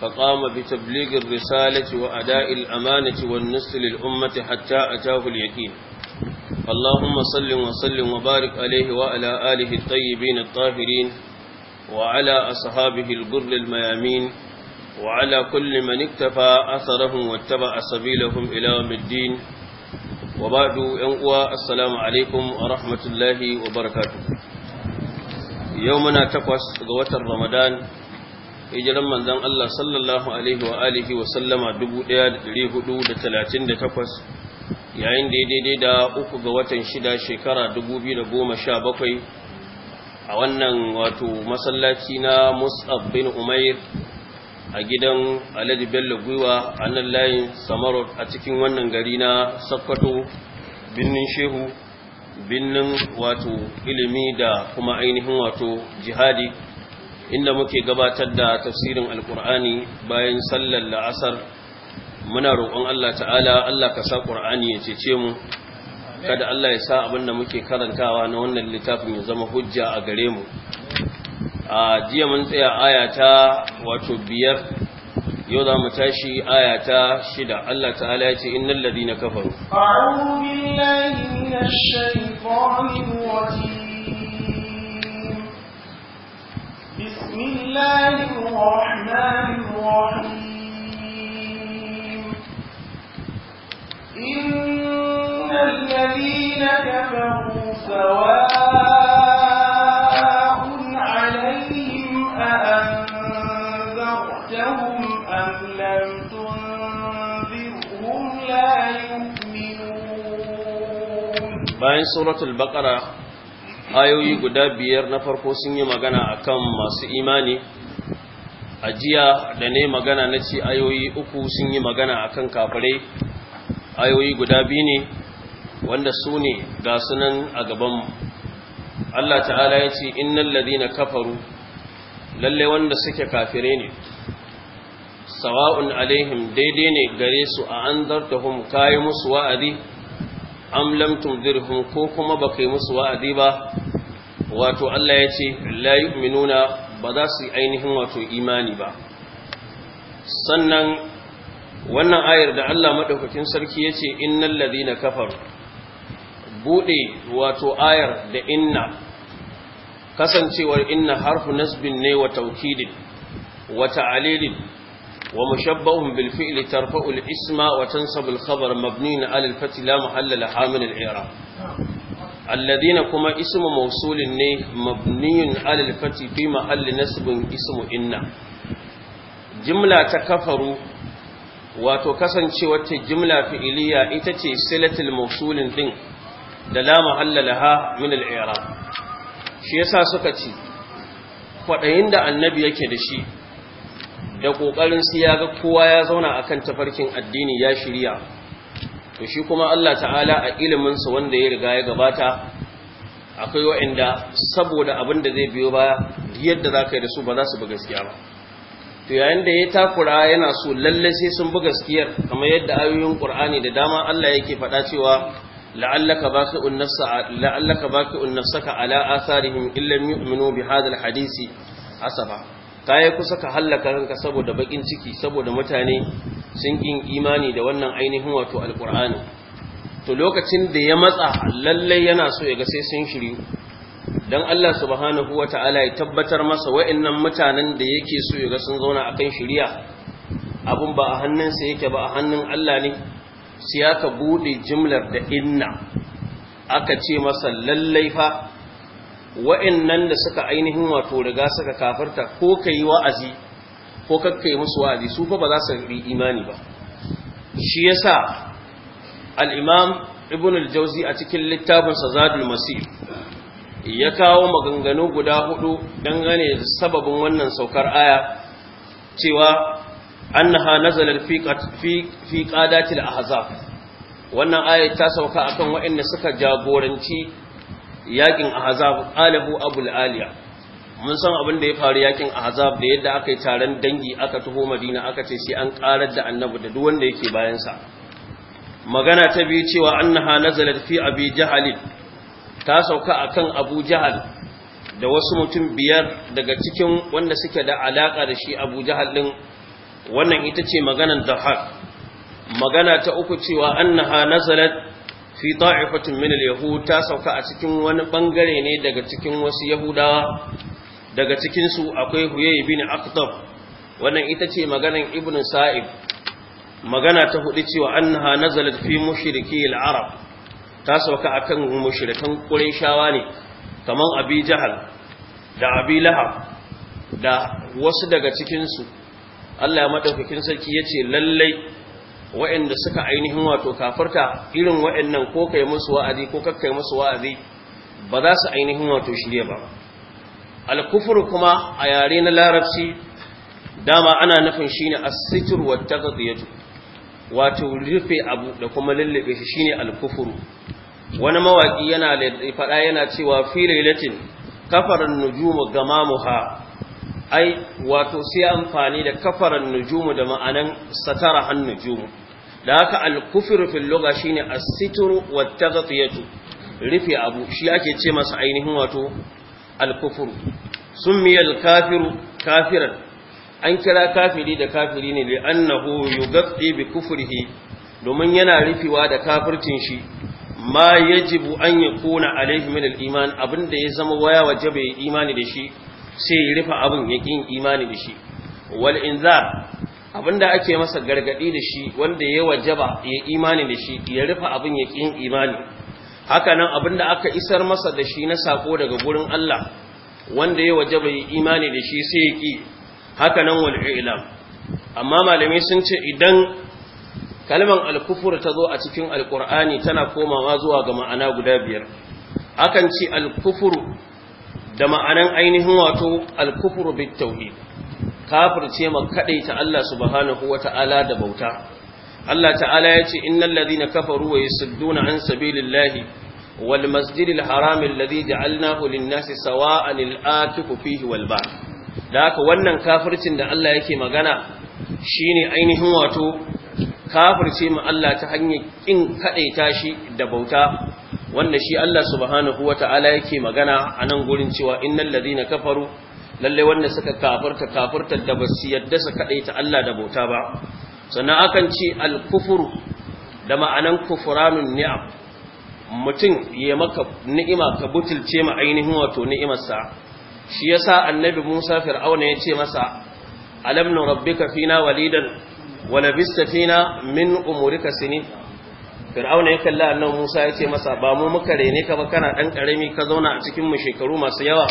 فقام بتبليغ الرسالة وأداء الأمانة والنصر للأمة حتى أتاه اليقين اللهم صل وسلم وبارك عليه وعلى آله الطيبين الطاهرين وعلى أصحابه الغر الميامين وعلى كل من اكتفى أثرهم واتبع سبيلهم إلى يوم الدين وبعد أنقوى السلام عليكم ورحمة الله وبركاته يومنا تقوى غوة رمضان hijiran manzan Allah sallallahu alaihi wa alihi wa sallama 1438 yayin da ya daidai da uku ga watan shida shekara da goma 2017 a wannan wato masallaci na Mus'ab bin Umair a gidan Alhaji Bello Guiwa a nan layin Samarot a cikin wannan gari na Sokoto birnin Shehu birnin wato ilimi da kuma ainihin wato jihadi inda muke gabatar da tafsirin alkur'ani bayan sallar la'asar muna roƙon Allah ta'ala Allah ka sa ƙur'ani ya cece mu kada Allah ya sa abin da muke karantawa na wannan littafin ya zama hujja a gare mu a jiya mun tsaya aya ta wato biyar yau za mu tashi aya ta shida Allah ta'ala ya ce innal ladina kafaru a'udhu billahi minash shaitanir rajim بسم الله الرحمن الرحيم إن الذين كفروا سواء عليهم أأنذرتهم أم لم تنذرهم لا يؤمنون باين سورة البقرة ayoyi guda biyar na farko sun yi magana akan masu imani ajiya da ne magana na ci ayoyi uku sun yi magana akan kafare ayoyi guda biyu ne wanda su ne ga sunan a gabanmu Allah ta'ala ya ce innan ladina kafaru lalle wanda suke kafire ne sawa'un alaihim daidai ne gare su a an zartahum kayi musu wa'adi am lam tunzirhum ko kuma baka yi musu wa'adi ba wato Allah ya ce la yu'minuna ba za su yi ainihin wato imani ba sannan wannan ayar da Allah madaukakin sarki ya ce innal ladina kafaru bude wato ayar da inna kasancewar inna harfu nasbin ne wa taukidin wa ta'alilin ومشبه بالفعل ترفع الاسم وتنصب الخبر مبني على الفتح لا محل لها من الاعراب الذين كما اسم موصول ني مبني على الفتح في محل نصب اسم ان جمله تكفروا wato kasancewar ta jimla fi'iliya ita ce silatul mawsulin din da la mahalla laha min al-i'rab shi yasa suka ce kwadayin da annabi yake da shi da ƙoƙarin su ya ga kowa ya zauna a kan tafarkin addini ya shirya to shi kuma Allah ta'ala a iliminsa wanda ya riga ya gabata akwai wa'inda saboda abin da zai biyo baya yadda za ka yi da su ba za su bi gaskiya ba to yayin da ya takura yana so lalle sai sun bi gaskiyar kamar yadda ayoyin qur'ani da dama Allah yake faɗa cewa la'allaka baqi'un nafsa la'allaka baqi'un nafsaka ala asarihim illam yu'minu bi hadha alhadisi asaba Ka yi kusa ka hallaka ranka saboda bakin ciki saboda mutane sun kin imani da wannan ainihin wato alkur'ani to lokacin da ya matsa lallai yana so ya ga sai sun shiryu don Allah subhanahu wa ta'ala ya tabbatar masa wa'annan mutanen da yake so ya ga sun zauna a kan shiriya abun ba a hannunsa yake ba a hannun Allah ne Siya ka bude jimlar da inna aka ce masa lallai fa Wa'in nan da suka ainihin wato riga suka kafarta ko ka yi wa'azi ko yi musu wa'azi su fa ba za su bi imani ba shi ya sa imam ibn al jauzi a cikin littafinsa zadul masir ya kawo maganganu guda hudu dangane da sababin wannan saukar aya cewa hana zalar fi til a hazaf wannan aya ta sauka akan waɗanda suka jagoranci yakin ahzab alahu abul aliya mun san abin da ya faru yakin ahzab da yadda aka yi taron dangi aka taho madina aka ce sai an karar da annabi da duk wanda yake bayan sa magana ta biyu cewa annaha nazalat fi abi jahal ta sauka akan abu jahal da wasu mutum biyar daga cikin wanda suke da alaka da shi abu jahal din wannan ita ce maganar dahar magana ta uku cewa annaha nazalat fi ta'ifatin min al-yahud ta sauka a cikin wani bangare ne daga cikin wasu yahudawa daga cikin su akwai huyay bin aqtab wannan ita ce maganar ibnu sa'ib magana ta hudu cewa annaha nazalat fi mushriki al-arab ta sauka akan mushrikan quraishawa ne kaman abi jahal da abi lahab da wasu daga cikin su Allah ya madaukakin sarki yace lallai wa'anda suka ainihin wato kafarta irin wa'annan ko kai musu wa'azi ko kakkai musu wa'azi ba za su ainihin wato shirye ba Alkufuru kuma a yare na larabci dama ana nufin shine as-sitr wa taghdiyatu wato rufe abu da kuma lallabe shi shine alkufuru. wani mawaki yana faɗa yana cewa fi lailatin kafar nujumu gamamuha ai wato sai amfani da kafaran nujumu da ma'anan satara han nujumu da haka al-kufr fil lugha shine as wa wat taghtiyatu rufe abu shi ake ce masa ainihin wato al-kufr summiya al-kafiru kafiran an kira kafiri da kafiri ne li annahu yughatti bi kufrihi domin yana rufewa da kafircin shi ma yajibu an yakuna alayhi min al-iman abinda ya zama waya wajabe imani da shi sai ya rufe abin yakin imani da shi wal inzar abinda ake masa gargadi da shi wanda ya wajaba ya imani da shi ya rufe abin yakin imani haka nan abinda aka isar masa da shi na sako daga gurin Allah wanda ya wajaba ya imani da shi sai ya ki haka nan wal ilam amma malamai sun ce idan kalman al-kufur ta zo a cikin al tana komawa zuwa ga ma'ana guda biyar akan ce al da ma'anan ainihin wato al-kufru bit tauhid kafirce ma kadaita Allah subhanahu wata'ala da bauta Allah ta'ala ya ce innal ladina kafaru wa yasudduna an sabilillahi wal masjidil haram alladhi ja'alnahu lin-nasi sawa'an al-akifu fihi wal ba da haka wannan kafircin da Allah yake magana shine ainihin wato kafirce ma Allah ta hanyar kin kadaita shi da bauta wanda shi Allah subhanahu ta'ala yake magana a nan gurin cewa innal na kafaru lalle wanda suka kafarta kafarta da basu yadda su ta Allah da bauta ba sannan akan ce al da ma'anan kufuranun ni'am mutum ya maka ni'ima ka butulce ma ainihin wato ni'imarsa shi yasa annabi Musa fir'auna ya ce masa alam nurabbika fina walidan wa labista fina min umurika sinin fir'auna ya kalli annabi Musa ya ce masa ba mu muka rene ka ba kana dan karami ka zauna a cikin mu shekaru masu yawa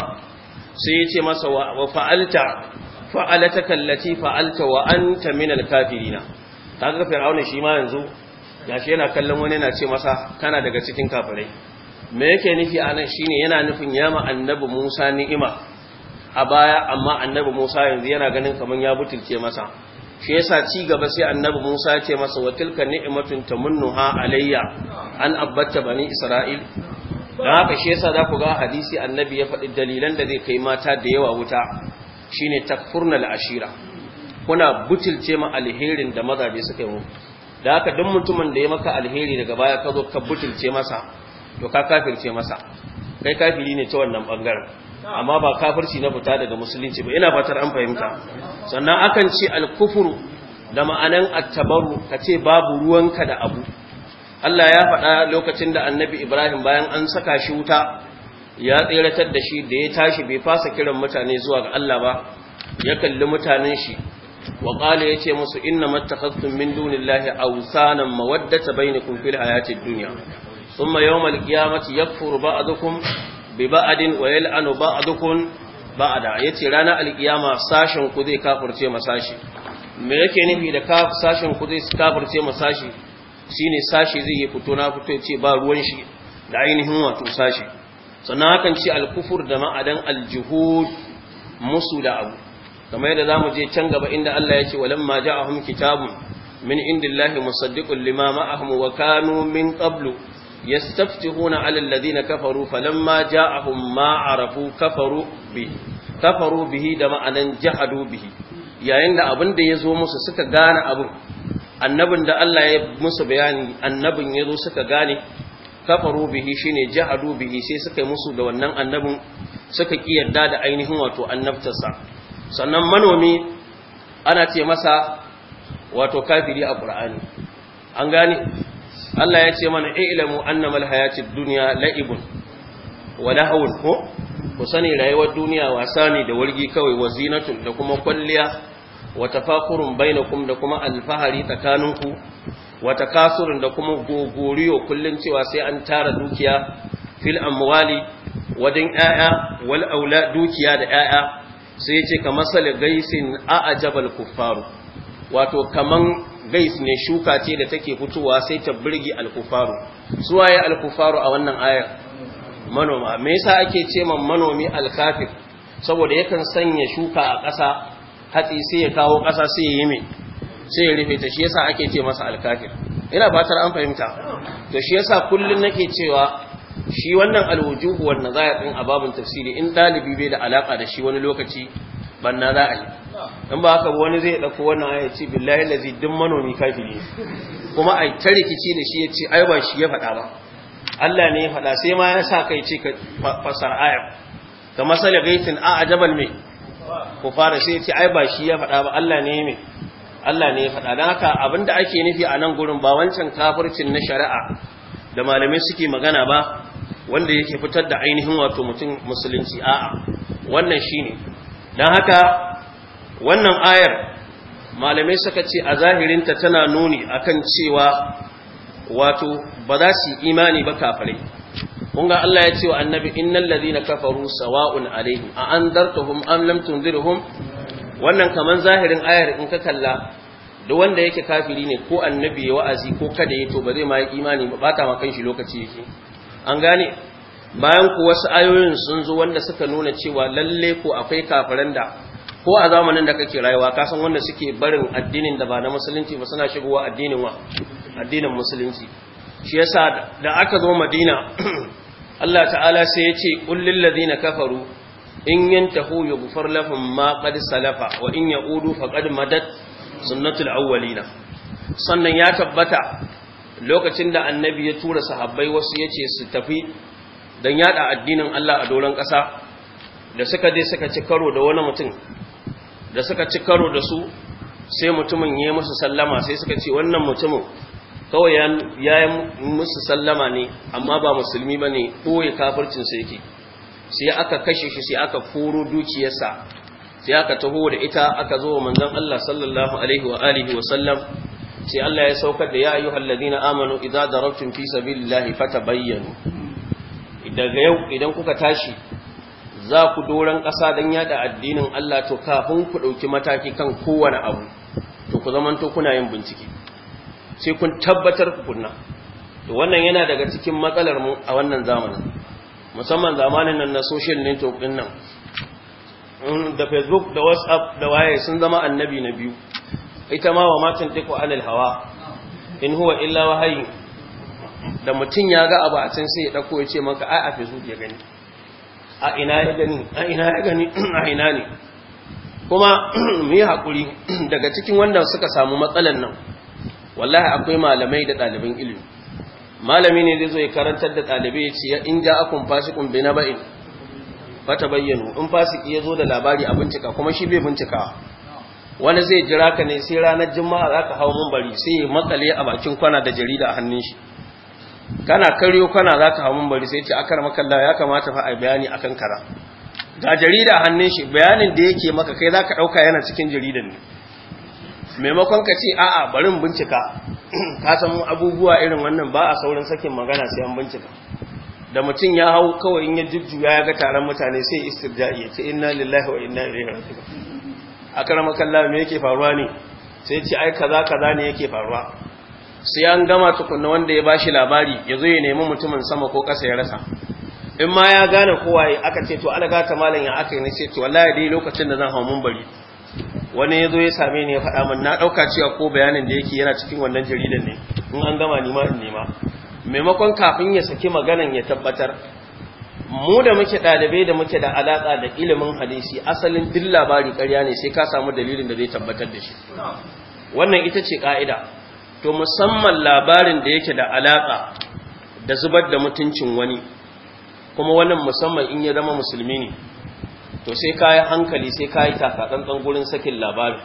sai ya ce masa wa fa'alta fa'alata kallati fa'alta wa anta min al-kafirina kaga fir'auna shi ma yanzu gashi yana kallon wani yana ce masa kana daga cikin kafirai me yake nufi anan shine yana nufin yama annabi Musa ni'ima a baya amma annabi Musa yanzu yana ganin kaman ya butulce masa shi yasa ci gaba sai annabi Musa ya ce masa wa tilka ni'matun tamunnuha alayya an abbata bani isra'il dan haka shi yasa za ku ga hadisi annabi ya faɗi dalilan da zai kai mata da yawa wuta shine takfurnal ashira kuna butulce ma alherin da mazaje suka yi da haka duk mutumin da ya maka alheri daga baya ka zo ka butulce masa to ka kafirce masa kai kafiri ne ta wannan bangaren amma ba kafirci na fita daga musulunci ba ina fatar an fahimta sannan akan ce alkufuru da ma'anan attabaru ka ce babu ruwanka da abu Allah ya faɗa lokacin da annabi Ibrahim bayan an saka shi wuta ya tseratar da shi da ya tashi bai fasa kiran mutane zuwa ga Allah ba ya kalli mutanen shi wa qala yace musu inna mattakhadtum min dunillahi awsanan mawaddata bainakum fil hayatid dunya ثم يوم القيامة يكفر بعضكم ببعض ويلعن بعضكم بعضا yace rana alkiyama sashin ku zai kafirce ma sashi me yake nufi da sashen sashin ku zai kafirce ma sashi shine sashi zai yi fito na fito ce ba ruwan shi da ainihin wato sashe. sannan hakan ce alkufur da ma'adan aljuhud musu da abu kamar yadda zamu je can gaba inda Allah ya ce yake walamma ja'ahum kitabun min indillahi musaddikun lima ma'ahum wa kanu min qablu يستفتحون على الذين kafaru فلما جاءهم ما عرفوا kafaru bihi kafaru bihi da ma'anan جحدوا bihi yayin da abin da yazo musu suka gane abin annabin da Allah ya musu bayani annabin yazo suka gane kafaru bihi shine jahadu bihi sai suka yi musu da wannan annabin suka ki yarda da ainihin wato annabtarsa sannan manomi ana ce masa wato kafiri a Qur'ani an gane Allah ya ce mana ilamu annamal hayatid dunya la'ibun wa lahawun ko ku sani rayuwar duniya wasa ne da wargi kawai wa zinatun da kuma kwalliya wa tafakurun bainakum da kuma alfahari tsakaninku wa takasurun da kuma gogoriyo kullun cewa sai an tara dukiya fil amwali wadin 'ya'ya wal aula dukiya da 'ya'ya sai yace kamar sal gaisin a'jabal kuffaru wato kaman gais ne shuka ce da take fitowa sai ta birgi alkufaru suwaye alkufaru a wannan ayar manoma me yasa ake ce man manomi alkafir saboda yakan sanya shuka a ƙasa hatsi sai ya kawo ƙasa sai ya yi mai sai ya rufe ta shi yasa ake ce masa alkafir ina fatar an fahimta to shi yasa kullun nake cewa shi wannan alwujuhu wannan zayatin a babun tafsiri in dalibi bai da alaka da shi wani lokaci banna za a yi in ba haka wani zai ɗauko wannan aya ce billahi lazi duk manomi kafiri kuma a ta rikici da shi ya ce ai ba shi ya faɗa ba Allah ne ya faɗa sai ma ya sa kai ce ka fasar ayat ka masala gaitin a ajabal me ku fara sai yace ai ba shi ya faɗa ba Allah ne me Allah ne ya faɗa dan haka abinda ake nufi a nan gurin ba wancan kafircin na shari'a da malamai suke magana ba wanda yake fitar da ainihin wato mutum musulunci a'a wannan shine don haka wannan ayar malamai suka ce a zahirinta tana nuni akan cewa wato ba za su imani ba kafare kunga Allah ya ce wa annabi innal ladina kafaru sawa'un alaihim a andartuhum am lam tunzirhum wannan kaman zahirin ayar in ka kalla duk wanda yake kafiri ne ko annabi ya wa'azi ko kada ya to ba zai ma imani ba ta ma kanshi lokaci yake an gane bayan ku wasu ayoyin sun zo wanda suka nuna cewa lalle ko akwai kafiran da ko a zamanin da kake rayuwa ka san wanda suke barin addinin da ba na musulunci ba suna shigowa addinin wa addinin musulunci shi yasa da aka zo Madina Allah ta'ala sai ya ce kullil ladina kafaru in yantahu yughfar lahum ma qad salafa wa in yaudu faqad madat sunnatul awwalina sannan ya tabbata lokacin da annabi ya tura sahabbai wasu yace su tafi don yada addinin Allah a doron ƙasa da suka dai suka ci karo da wani mutum da suka ci karo da su sai mutumin ya musu sallama sai suka ce wannan mutumin kawai ya yi musu sallama ne amma ba musulmi ba ne ɓoye kafircinsa yake sai aka kashe shi sai aka koro dukiyarsa sai aka taho da ita aka zo wa manzon Allah sallallahu alaihi wa alihi wa sallam sai Allah ya saukar da ya ayyuhal ladina amanu idza darabtum fi sabilillahi Bayyano. daga yau idan kuka tashi za ku doron ƙasa don yada addinin Allah to kafin ku ɗauki mataki kan kowane abu to ku to kuna yin bincike sai kun tabbatar ku kunna to wannan yana daga cikin matsalar mu a wannan zamanin musamman zamanin nan na social network din nan da facebook da whatsapp da waye sun zama annabi na biyu ita ma wa matan tiku alal hawa in huwa illa wahayi da mutum ya ga abu a can sai ya ɗauko ya ce maka a a facebook ya gani a ina ya gani a ina ya gani a ina ne kuma mu yi haƙuri daga cikin wanda suka samu matsalan nan wallahi akwai malamai da ɗaliban ilimi malami ne zai zo ya karantar da ɗalibai ya ce in ja akun fasikun bi na ba'in ta bayyano in fasiki ya zo da labari a bincika kuma shi bai bincika wani zai jira ka ne sai ranar juma'a za ka hau bari sai ya matsale a bakin kwana da jarida a hannun shi kana karyo kana za ka hamun bari sai ce akar makalla ya kamata fa a bayani akan kara ga jarida hannun shi bayanin da yake maka kai za ka ɗauka yana cikin jaridan ne maimakon ka ce a'a barin bincika ka san abubuwa irin wannan ba a saurin sakin magana sai an bincika da mutum ya hau kawai in ya jujjuya ya ga taron mutane sai istirja'i ya ce inna lillahi wa inna ilaihi raji'un akara makalla me yake faruwa ne sai ce ai kaza kaza ne yake faruwa sai an gama tukunna wanda ya bashi labari ya zo ya nemi mutumin sama ko ƙasa ya rasa in ma ya gane kowa ya aka ce to alaga ta malam ya aka yi na ce to wallahi dai lokacin da zan hau mun bari wani ya zo ya same ni ya faɗa min na ɗauka cewa ko bayanin da yake yana cikin wannan jaridan ne in an gama nima in nema maimakon kafin ya saki maganan ya tabbatar mu da muke ɗalibai da muke da alaƙa da ilimin hadisi asalin duk labari ƙarya ne sai ka samu dalilin da zai tabbatar da shi wannan ita ce ka'ida. to musamman labarin da yake da alaƙa da zubar da mutuncin wani kuma wannan musamman in ya zama musulmi ne to sai ka yi hankali sai ka yi takatsantsan gurin sakin labari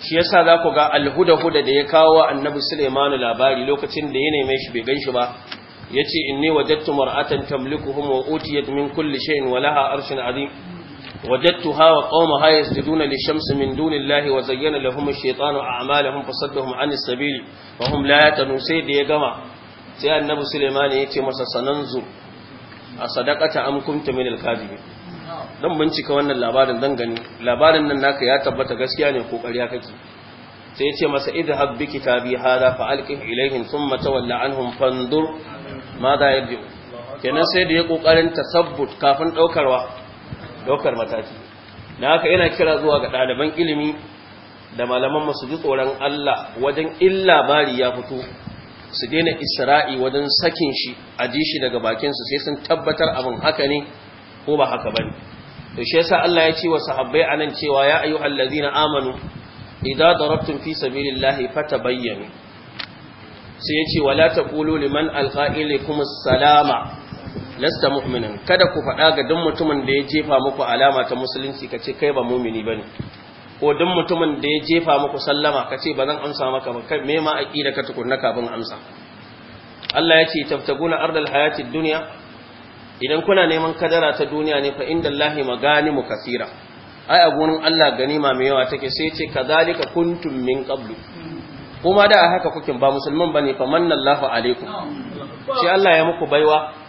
shi yasa za ku ga alhuda-huda da ya kawo wa annabi sulaimanu labari lokacin da ya neme shi bai gan shi ba ya ce in ne wajattu mar'atan tamlikuhum wa utiyat min kulli shay'in wa laha arshin azim وجدتها وقومها يسجدون للشمس من دون الله وزين لهم الشيطان أعمالهم فصدهم عن السبيل وهم لا يتنون سيد يقمع سيئا النبي سليمان يتي مسا سننظر أصدقة أم كنت من الكاذبين bincika wannan labarin dan gani labarin nan naka ya tabbata gaskiya ne ko ƙarya kake sai yace masa idhab bi kitabi hada fa al-ilaihin ilaihim thumma tawalla anhum fandur ma da yabi kenan sai da ya kokarin tasabbut kafin ɗaukarwa. Daukar mataki na haka yana kira zuwa ga ɗaliban ilimi da malaman masu ji tsoron Allah wajen illa labari ya fito su daina isra'i wajen sakin shi a ji shi daga bakinsu sai sun tabbatar abin haka ne ko ba haka ba ne da shi yasa Allah ya ce wa sahabbai anan nan cewa ya ayu allazina amanu idza darabtum fi sabilillahi fatabayyanu sai ya ce wala taqulu liman alqa ilaykum salama lasta mu'minin kada ku faɗa ga duk mutumin da ya jefa muku alama ta musulunci ka ce kai ba mumini bane ko duk mutumin da ya jefa muku sallama ka ce ba zan amsa maka ba kai me ma aqida ka tukunna kafin amsa Allah yace ce taftaguna ardal hayati dunya idan kuna neman kadara ta duniya ne fa inda Allahi mu kasira ai a gurin Allah ganima mai yawa take sai ce kadhalika kuntum min qablu kuma da haka kuke ba musulman bane fa manna Allahu alaikum shi Allah ya muku baiwa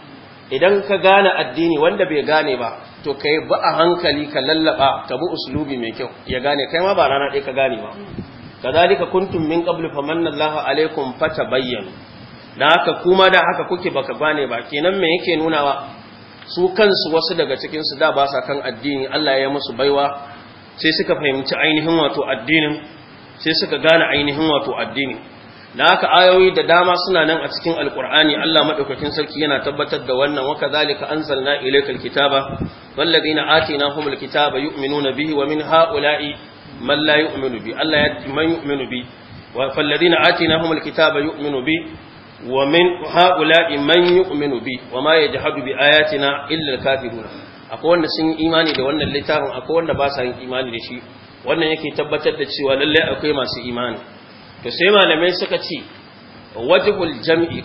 idan ka gane addini wanda bai gane ba to ka yi ba a hankali ka lallaba ka bi uslubi mai kyau ya gane kai ma ba rana ɗaya ka gane ba Ka ka kuntum min qablu famanna Allahu alaikum fatabayyanu dan haka kuma da haka kuke baka gane ba kenan me yake nunawa su kansu wasu daga cikin su da ba sa kan addini Allah ya musu baiwa sai suka fahimci ainihin wato addinin sai suka gane ainihin wato addinin. da haka ayoyi da dama suna nan a cikin alkur'ani Allah madaukakin sarki yana tabbatar da wannan wa kadhalika anzalna ilaykal kitaba wal ladina atinahumul kitaba yu'minuna bihi wa min haula'i man la yu'minu bi Allah ya man yu'minu bi wa fal ladina atinahumul kitaba yu'minu bi wa min haula'i man yu'minu bi wa ma yajhadu bi ayatina illa al kafirun akwai wanda sun imani da wannan littafin akwai wanda ba sa yin imani da shi wannan yake tabbatar da cewa lallai akwai masu imani to sai malamai suka ce wajibul jam'i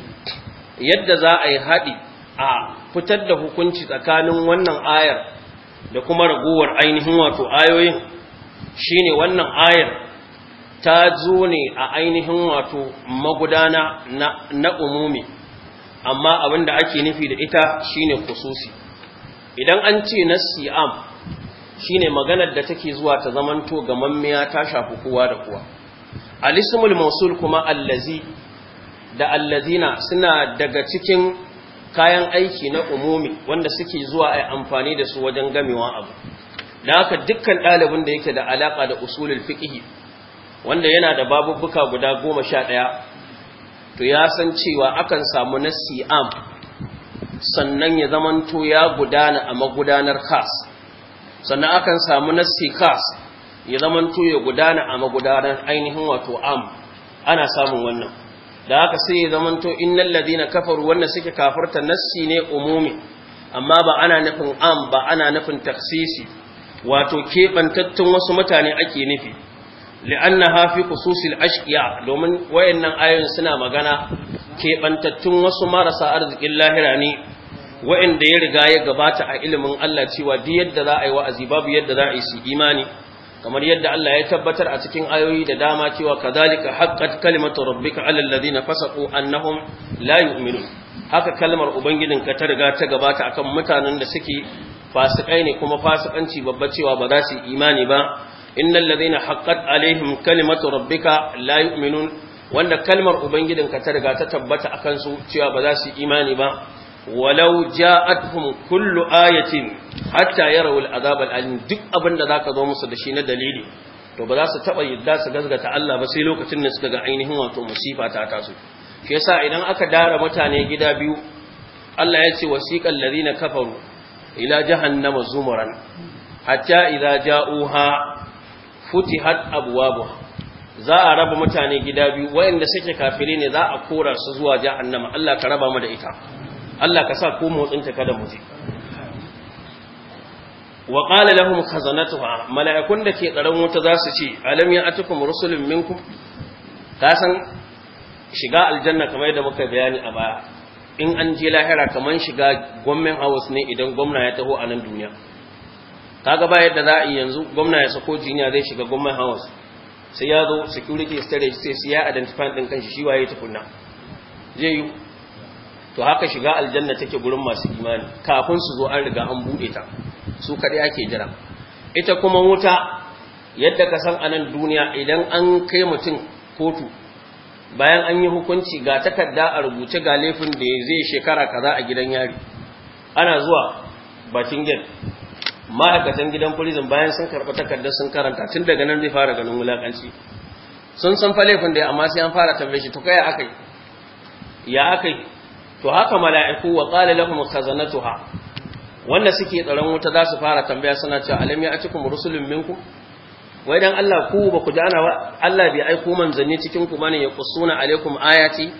yadda za a yi haɗi a fitar da hukunci tsakanin wannan ayar da kuma ragowar ainihin wato ayoyin shine wannan ayar ta zo ne a ainihin wato magudana na umumi amma abin da ake nufi da ita shine kususi idan an ce na am shine maganar da take zuwa ta zamanto gamammiya ta shafi kowa da kowa Alisimul mausul kuma allazi da allazina suna daga cikin kayan aiki na umumi wanda suke zuwa a amfani da su wajen gamewa abu da haka dukkan ɗalibin da yake da alaƙa da usulul fiqh wanda yana da babubuka guda goma sha ɗaya to ya san cewa akan samu nassi am sannan ya zamanto ya gudana a magudanar khas sannan akan samu nassi khas ya zama ya gudana a magudanar ainihin wato am ana samun wannan da haka sai ya zamanto innal ladina kafaru wannan suke kafarta nassi ne umumi amma ba ana nufin am ba ana nufin taksisi wato kebantattun wasu mutane ake nufi ha fi khususil ashqiya domin wayannan ayoyin suna magana kebantattun wasu marasa arzikin lahira ne wayanda ya riga ya gabata a ilimin Allah cewa duk yadda za a yi wa'azi babu yadda za a yi imani kamar yadda Allah ya tabbatar a cikin ayoyi da dama cewa kadhalika haqqat kalimatu rabbika 'alal ladina fasaqu annahum la yu'minun haka kalmar ubangidin ka ta riga ta gabata akan mutanen da suke fasikai ne kuma fasikanci babba cewa ba za su imani ba innal ladina haqqat alaihim kalimatu rabbika la yu'minun wanda kalmar ubangijin ka ta riga ta tabbata akan su cewa ba za su imani ba walau ja'atuhum kullu ayatin hatta yarawu al'azab al'alim duk abin da zaka zo musu da shi na dalili to ba za su taba yadda su gazgata Allah ba sai lokacin da suka ga ainihin wato musifa ta taso shi yasa idan aka dara mutane gida biyu Allah ya ce wasiqal ladina kafaru ila jahannama zumuran hatta idza ja'uha futihat abwabuha za a raba mutane gida biyu waɗanda suke kafiri ne za a kora su zuwa jahannama Allah ka raba mu da ita Allah ka sa ko motsinta kada mu je wa qala lahum khazanatuha mala'ikun da ke tsaron wuta za su ce alam ya atukum rusulun minkum ka san shiga aljanna kamar yadda muka bayani a baya in an je lahira kamar shiga gwamnan house ne idan gwamna ya taho a nan duniya kaga ba yadda za a yi yanzu gwamna ya sako jiniya zai shiga gwamnan house sai ya zo security storage sai ya identify din kanshi shi waye tukunna zai yi to haka shiga aljanna take gurin masu imani kafin su zo an riga an bude ta su kaɗai ake jira ita kuma wuta yadda ka san anan duniya idan an kai mutum kotu bayan an yi hukunci ga takarda a rubuce ga laifin da zai shekara kaza a gidan yari ana zuwa bakin Gen. ma'aikatan gidan prison bayan sun karɓi takardar sun karanta tun daga nan zai fara ganin wulakanci sun san fa laifin da amma sai an fara tambaye shi to kai akai ya akai to haka mala'iku wa qala lahum khazanatuha wanda suke tsaron wuta za su fara tambaya suna cewa alam ya cikin rusulun minku wai dan Allah ku ba ku jana wa Allah bai aiko manzanni cikin ku bane ya kusuna alaikum ayati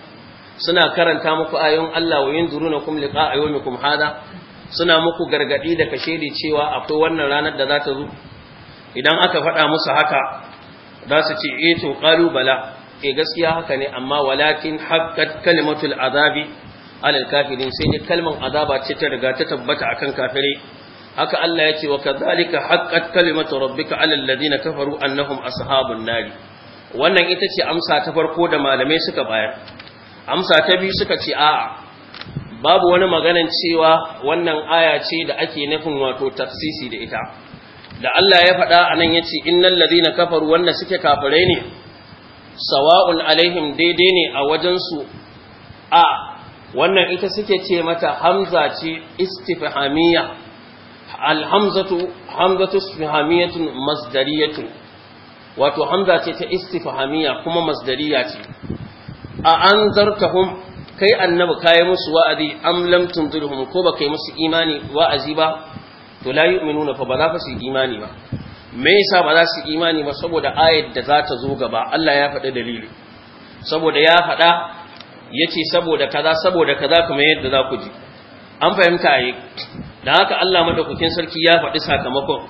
suna karanta muku ayoyin Allah wa a liqa'a yawmikum hada suna muku gargadi da kashe kashedi cewa akwai wannan ranar da za ta zo idan aka faɗa musu haka za su ce eh to qalu bala eh gaskiya haka ne amma walakin haqqat kalimatul azabi alal kafirin sai dai kalman azaba ce ta riga ta tabbata akan kafire haka Allah ya ce wa kadhalika haqqat kalimatu rabbika alal ladina kafaru annahum ashabun nari wannan ita ce amsa ta farko da malamai suka bayar amsa ta biyu suka ce a'a babu wani maganan cewa wannan aya ce da ake nufin wato tafsisi da ita da Allah ya faɗa anan yace innal ladina kafaru wanda suke kafirai ne sawa'un alaihim daidai ne a wajensu a wannan ita suke ce mata hamza ce istifhamiyya alhamzatu hamzatu istifhamiyatun masdariyatun wato hamza ce ta istifhamiyya kuma masdariya ce a anzartahum kai annabi kai musu wa'azi am lam tunzirhum ko ba kai musu imani wa'azi ba to la yu'minuna fa ba za su imani ba me yasa ba za su imani ba saboda ayat da za ta zo gaba Allah ya faɗi dalili saboda ya faɗa yace saboda kaza saboda kaza kuma yadda za ku ji an fahimta ai da haka Allah madaukakin sarki ya faɗi sakamakon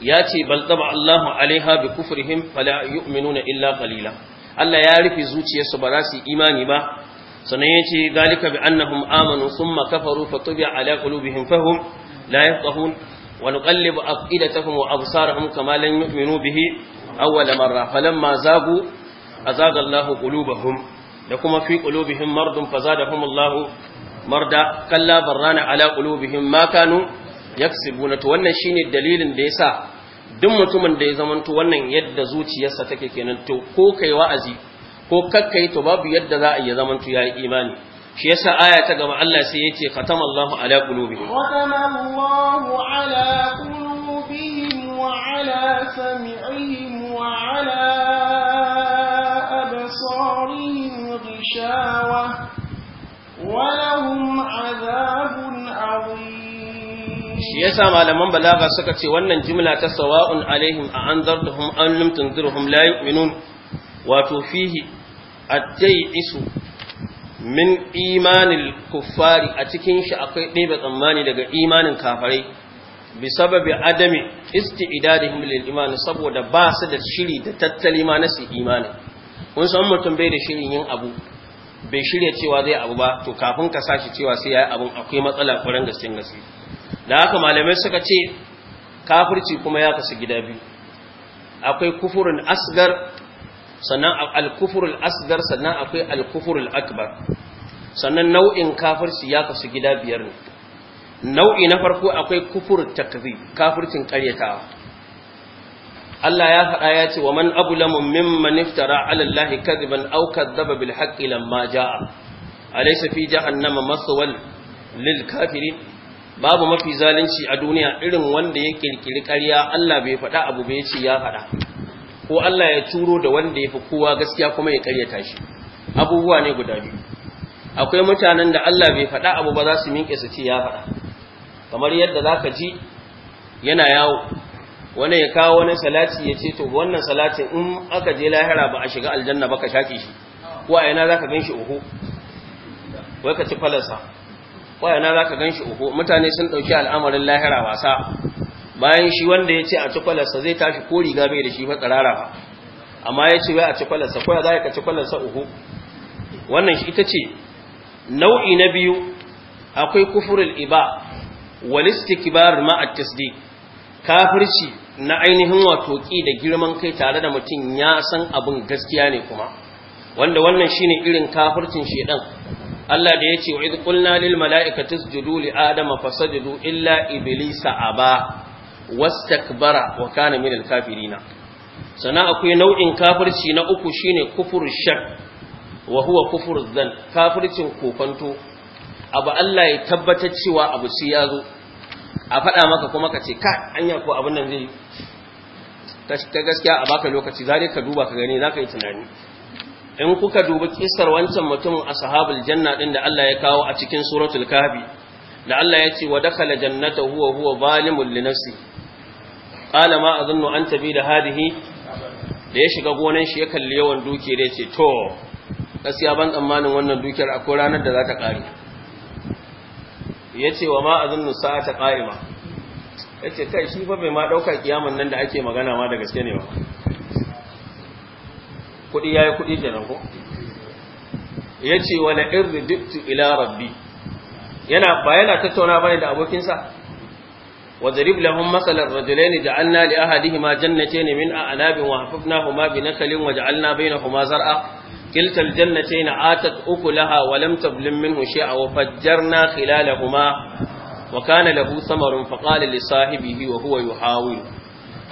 ya ce bal taba Allahu alaiha bi kufrihim fala yu'minuna illa qalila Allah ya rufe zuciyarsu ba za su yi imani ba sannan ya ce zalika bi annahum amanu summa kafaru fa tubi ala qulubihim fahum la yafqahun wa nuqallibu afidatahum wa absarahum kama lam yu'minu bihi awwal marra falamma zagu azaga Allahu qulubahum da kuma fi qulubihim mardun fazadahumullahu marda kalla barrana ala qulubihim ma ya yaksibuna to wannan shine dalilin da yasa duk mutumin da ya zamanto wannan yadda zuciyarsa take kenan to ko kai wa'azi ko kakkai to babu yadda za a yi zamanto yayi imani shi yasa aya ta gaba Allah sai yace khatamallahu ala qulubihim khatamallahu ala qulubihim wa ala sam'ihim wa ala غشاوة ولهم عذاب عظيم shi yasa malaman balaga suka ce wannan jimla ta sawa'un alaihim a anzartuhum an lam tunzirhum wato fihi at-tayyisu min imanin kuffari a cikin shi akwai ɗebe tsammani daga imanin kafarai bi sababi adami isti'dadihim lil imani saboda ba su da shiri da tattali ma na su imani kun san mutum bai da shirin yin abu bai shirya cewa zai abu ba to kafin ka sashi cewa sai yayi abun akwai matsala kuran gaskiyan gaske da haka malamai suka ce kafirci kuma ya kasu gida biyu akwai kufurin asgar sannan al-kufurul asgar sannan akwai al-kufurul akbar sannan nau'in kafirci ya kasu gida biyar ne nau'i na farko akwai kufur takzib kafircin karyatawa Allah ya faɗa ya ce wa man abulamu mimman iftara ala Allahi kadiban aw kadzaba bil haqqi lamma jaa alaysa fi jahannama maswal lil kafirin babu mafi zalunci a duniya irin wanda ya kirkiri ƙarya Allah bai faɗa abu bai ce ya faɗa ko Allah ya turo da wanda ya fi kowa gaskiya kuma ya ƙaryata shi abubuwa ne guda biyu akwai mutanen da Allah bai faɗa abu ba za su minke su ce ya faɗa kamar yadda za ka ji yana yawo wani ya kawo wani salati ya ce to wannan salatin in aka je lahira ba a shiga aljanna ba ka shaƙe shi ko a yana za ka gan shi uku wai ka ci falasa ko a yana za ka gan shi uku mutane sun ɗauki al'amarin lahira wasa bayan shi wanda ya ce a ci falasa zai tashi ko riga bai da shi fa tsirara ba amma ya ce wai a ci falasa ko za ka ci falasa uku wannan shi ita ce nau'i na biyu akwai kufurul iba wal ma'at tasdiq kafirci na ainihin wato ƙi da girman kai tare da mutum ya san abin gaskiya ne kuma wanda wannan shine irin kafircin shedan Allah da yace wa id qulna lil mala'ikati isjudu li adama fasajadu illa iblisa aba wastakbara wa kana min al kafirina sana akwai nau'in kafirci na uku shine kufur shak wa huwa kufur dhan kafircin kofanto abu Allah ya tabbata cewa abu sai ya zo a faɗa maka kuma ka ce ka anya ko abin nan zai ta gaskiya a baka lokaci zare ka duba ka gani zaka yi tunani in kuka dubi kisar wancan mutum ashabul janna din da Allah ya kawo a cikin suratul kahfi da Allah ya ce wa dakhala jannata huwa huwa zalimul li nafsi qala ma azunnu an tabi da hadihi da ya shiga gonan shi ya kalli yawan da ya ce to gaskiya ban tsammanin wannan dukiyar akwai ranar da za ta kare ya ce wa ma'azin ma ta ƙa’ima ya ce kai shi fa bai ma ɗaukar kiyaman nan da ake magana ma da gaske ne ba kudi yi kudi kenan ko ce wa la irjibtu ila rabbi yana ba yana tattauna bane da abokinsa wa darib lahum masalan rajulaini ja'alna li ahadihima jannatayn min a'nabin wa hafafnahuma bi nakalin wa ja'alna bainahuma zar'a kiltal jannatayn atat ukulaha wa lam tablim minhu shay'a wa fajjarna khilalahuma wa kana lahu samarun fa qala li sahibihi wa huwa yuhawil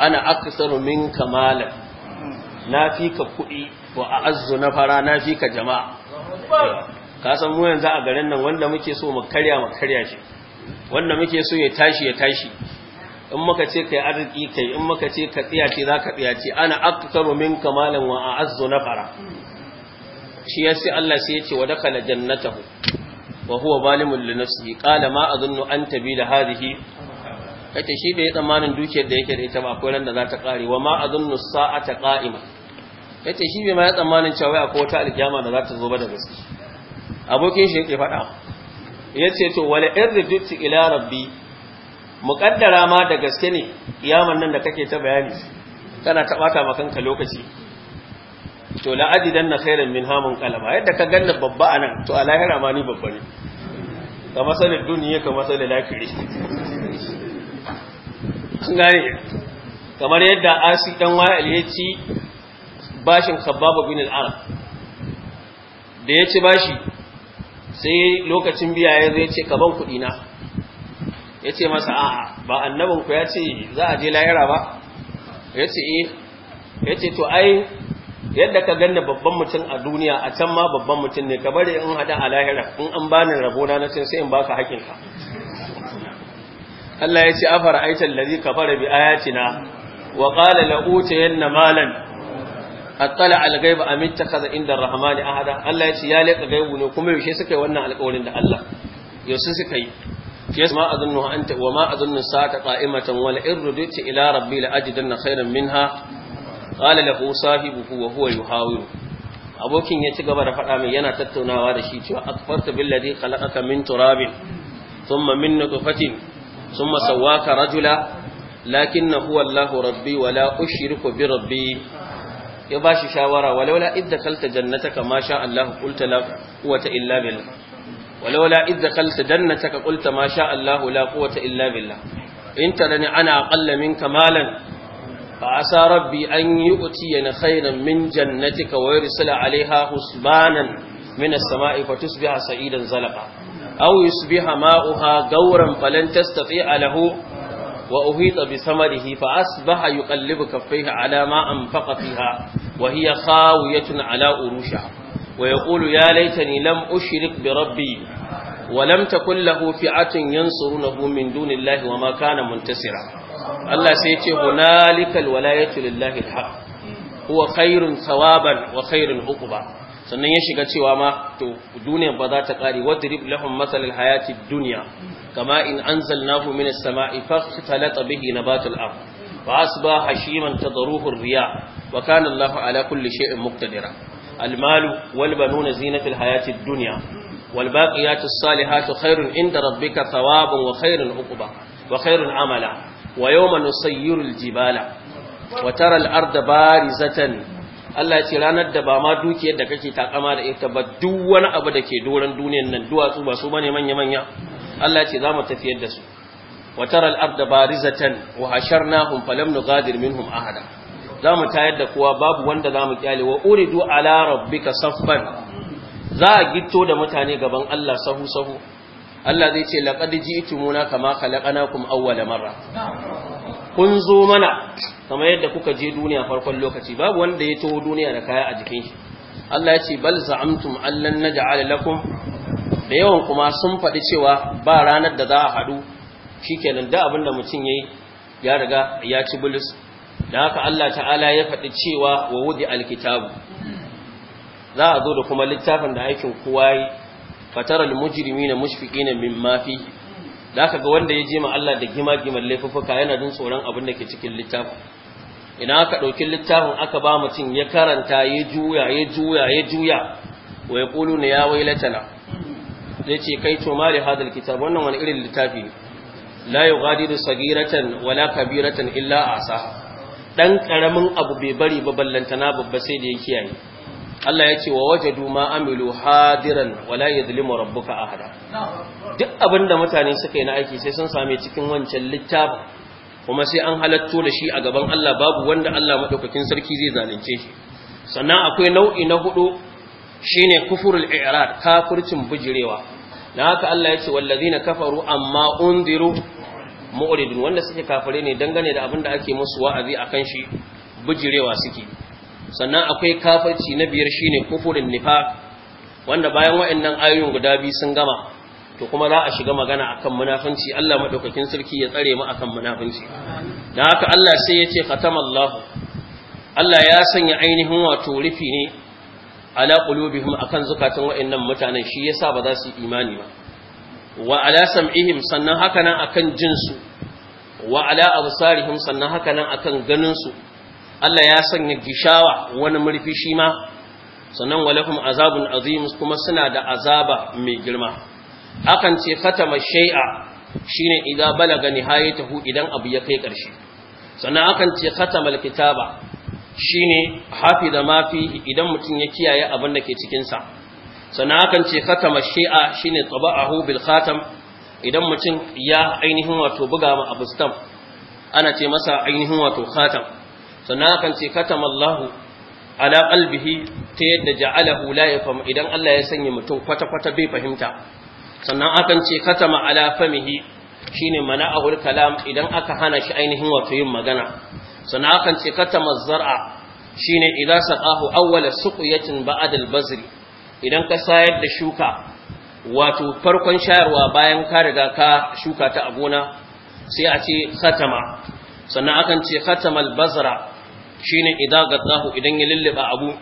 ana aktsaru minka malan na fika kuɗi wa a'azzu nafara na fika jama'a ka san mu yanzu a garin nan wanda muke so mu karya mu karya shi wanda muke so ya tashi ya tashi in muka ce kai arziki kai in muka ce ka tsiya ce za ka tsiya ce ana aktaru min kamalan wa a'azzu nafara shi ya sai Allah sai ya ce wa dakala jannatahu wa huwa zalimun li nafsihi qala ma adunnu an tabila hadhihi kace shi bai tsammanin dukiyar da yake da ita ba akwai ran da za ta kare wa ma adunnu sa'ata qa'ima kace shi bai ma ya tsammanin cewa akwai wata aljama da za ta zo ba da gaske abokin shi yake faɗa yace to wala irjitu ila rabbi muqaddara ma da gaske ne kiyaman nan da kake ta bayani kana ta bata makanka kanka lokaci to la ajidan na khairan min hamun kalama yadda ka ganna babba anan to a lahira ma ni babba ne ka masala duniya ka masalin lafiri an gane kamar yadda asi dan wa'il ya ci bashin khabbab bin al-arab da ya ci bashi sai lokacin biya ya zai ce ban kuɗi na ya ce masa a'a ba annabinku ya ce za a je lahira ba ya ce eh ya ce to ai yadda ka ganna babban mutum a duniya a can ma babban mutum ne ka bari in hada a lahira in an bani rabona na can sai in baka hakinka Allah ya ce afara aitan lazi fara bi ayatina wa qala la utayanna malan attala al ghaiba am ittakhadha inda ar-rahman ahada Allah ya ce ya leka gaibu ne kuma yaushe suka yi wannan alƙawarin da Allah yaushe suka yi yes ma adunnu anta wa ma adunnu sa'ata qa'imatan wala irrudu ila rabbi la ajidanna khayran minha qala lahu sahibuhu wa huwa yuhawiru abokin ya ci gaba da faɗa min yana tattaunawa da shi cewa akfarta billadhi khalaqaka min turabin thumma min nutfatin thumma sawwaka rajula lakinna huwa Allahu rabbi wa la ushriku bi rabbi ya bashi shawara walaula idda kalta jannataka ma sha Allahu qulta la quwwata illa billah walaula idda kalta jannataka qulta ma sha Allahu la quwwata illa billah in tarani ana aqalla minka malan ba a sa rabbi an yi uti yana khairan min jannati ka wayar sila husbanan min as-sama'i fa tusbiha sa'idan zalaqa aw yusbiha ma'uha gawran falan tastati'a lahu wa uhita bi samarihi fa asbaha yuqallibu kaffayhi ala ma anfaqa fiha wa hiya khawiyatun ala urusha wa yaqulu ya laitani lam ushrik bi rabbi wa lam takul lahu fi'atun yansurunahu min dunillahi wa ma kana muntasira Allah sai ya ce hunalikal walayatu lillahi alhaq huwa khairun thawaban wa khairul uquba sannan ya shiga cewa ma to duniya ba za ta kare wadrib lahum masalal hayati dunya kama in anzalnahu minas sama'i fakhtalata bihi nabatul ardh fa asbaha hashiman tadruhu ar-riya wa kana Allahu ala kulli shay'in muqtadira al-malu wal banuna zinatul hayati dunya wal baqiyatu as-salihatu khairun inda rabbika thawabun wa khairul uquba wa khairun amala wa yawma nusayyirul jibala wa tara Allah ya ce ranar da ba ma dukiyar da kake takama da ita ba duk wani abu da ke doran duniyar nan duwatsu ba su bane manya manya Allah ya ce za mu tafiyar da su wa tara al-arda barizatan wa hasharnahum falam nughadir minhum ahada za mu tayar da kowa babu wanda za mu kyale wa uridu ala rabbika saffan za a gitto da mutane gaban Allah sahu sahu Allah zai ce laqad ji'tumuna kama khalaqnakum awwala marra kun zo mana kamar yadda kuka je duniya farkon lokaci babu wanda ya taho duniya da kaya a jikin shi Allah ya ce bal za'amtum allan naj'al lakum da yawan kuma sun faɗi cewa ba ranar da za a haɗu shikenan da abin da mutum yayi ya riga ya ci bulus dan haka Allah ta'ala ya faɗi cewa wa wudi alkitabu za a zo da kuma littafin da aikin kowa yi fatara na mushfiqina na fihi da kaga wanda ya je ma Allah da gima-giman laifuka yana jin tsoron abin da ke cikin littafin ina aka dauki littafin aka ba cin ya karanta ya juya ya juya ya juya wa ne ya waylatana zai ce kai to mali hadal kitab wannan wani irin littafi ne la yughadiru sagiratan wala kabiratan illa asaha dan karamin abu bai bari ba ballantana babba sai da ya kiyaye Allah ya ce wa waje ma amilu hadiran wala ya yadhlimu rabbuka hada. duk abinda mutane suka yi na aiki sai sun same cikin wancan littafi kuma sai an halatto da shi a gaban Allah babu wanda Allah maɗaukakin sarki zai zalunce shi sannan akwai nau'i na hudu shine kufurul i'rad kafircin bujirewa Na haka Allah ya ce na kafaru amma undiru mu'ridun wanda suke kafare ne dangane da abinda ake musu wa'azi a kan shi bujirewa suke sannan akwai kafarci na biyar shine kufurin nifaq wanda bayan wa'annan ayoyin guda biyu sun gama to kuma za a shiga magana akan munafinci Allah madaukakin sarki ya tsare mu akan munafinci dan haka Allah sai ya ce khatamallahu Allah ya sanya ainihin wato rufi ne ala qulubihim akan zukatan waannan mutanen shi yasa ba za su yi imani ba wa ala sam'ihim sannan haka nan akan jinsu wa ala absarihim sannan haka nan akan ganin su Allah ya sanya gishawa wani murfi shi ma sannan walakum azabun azim kuma suna da azaba mai girma akan ce fatama shay'a shine idan balaga nihayatahu idan abu ya kai karshe sannan akan ce khatamal kitaba shine hafiza ma fi idan mutun ya kiyaye abin da ke cikin sa sannan akan ce khatama shay'a shine tabahu bil khatam idan mutun ya ainihin wato buga ma abu stamp ana ce masa ainihin wato khatam sannan akan ce katama Allahu ala qalbihi ta yadda ja'alahu la yafham idan Allah ya sanya mutum kwata kwata bai fahimta sannan akan ce katama ala famihi shine mana'ahul kalam idan aka hana shi ainihin wato yin magana sannan akan ce katama zar'a shine idza saqahu awwala suqyatin ba'da al-bazri idan ka sayar da shuka wato farkon shayarwa bayan ka riga ka shuka ta a gona sai a ce khatama sannan akan ce khatamal bazra shine idza gaddahu idan ya lilliba abu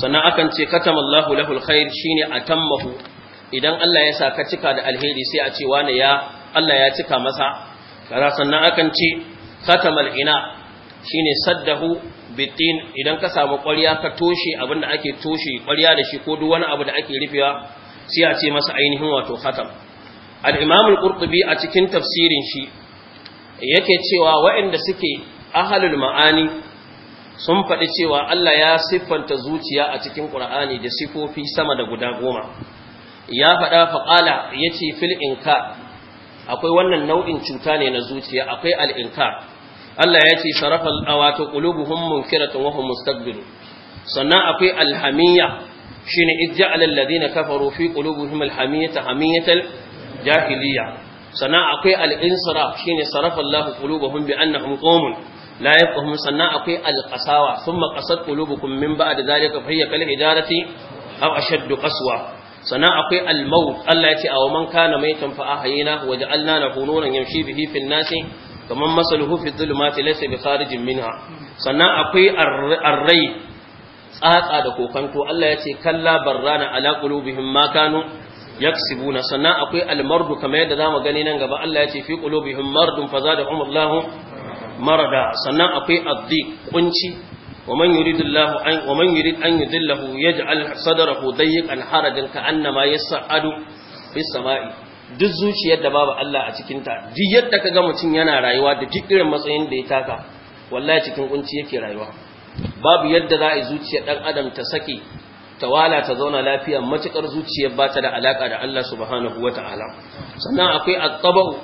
sannan akan ce katamallahu lahul khair shine atammahu idan Allah ya saka cika da alheri sai a ce wani ya Allah ya cika masa kara sannan akan ce katamal ina shine saddahu bitin idan ka samu ƙwarya ka toshe abinda ake toshe ƙwarya da shi ko duk wani abu da ake rufewa sai a ce masa ainihin wato khatam al-imam al-qurtubi a cikin tafsirin shi yake cewa waɗanda suke ahlul ma'ani sun faɗi cewa Allah ya siffanta zuciya a cikin Qur'ani da sifofi sama da guda goma ya faɗa faƙala ya ce fil inka akwai wannan nau'in cuta ne na zuciya akwai al'inka Allah ya ce sarrafa wato qulubuhum munkiratun tun hum mustakbirun sannan akwai alhamiya. alhamiyya shine ijja'al alladhina kafaru fi qulubihim alhamiyata hamiyatar jahiliya sannan akwai al-insiraf shine sarafa Allahu qulubuhum bi annahum qawmun la yafqahum sannan akwai alqasawa thumma qasat qulubukum min ba'd dhalika fa hiya kal hijarati aw ashaddu qaswa sannan akwai al-maut Allah ya ce aw man kana maytan fa ahayna wa ja'alna lahu nuran yamshi bihi fi an-nasi kaman masaluhu fi dhulumati laysa bi kharijin minha sannan akwai rai tsatsa da kokanto Allah ya ce kalla barrana ala qulubihim ma kanu yaksibuna sannan akwai almardu kamar yadda zamu gani nan gaba Allah ya ce fi qulubihim mardun fazadahum Allah marada sannan akwai addi kunci wa man yuridu Allah an wa man yurid an yudillahu yaj'al sadrahu dayyqan harajan ka annama yas'adu fis sama'i duk zuciyar da babu Allah a cikin ta duk yadda kaga mutum yana rayuwa da duk irin matsayin da ya taka wallahi cikin kunci yake rayuwa babu yadda za a zuciyar dan adam ta saki wala ta zauna lafiya matukar zuciyar ba ta da alaka da Allah subhanahu wata'ala sannan akwai at-tabu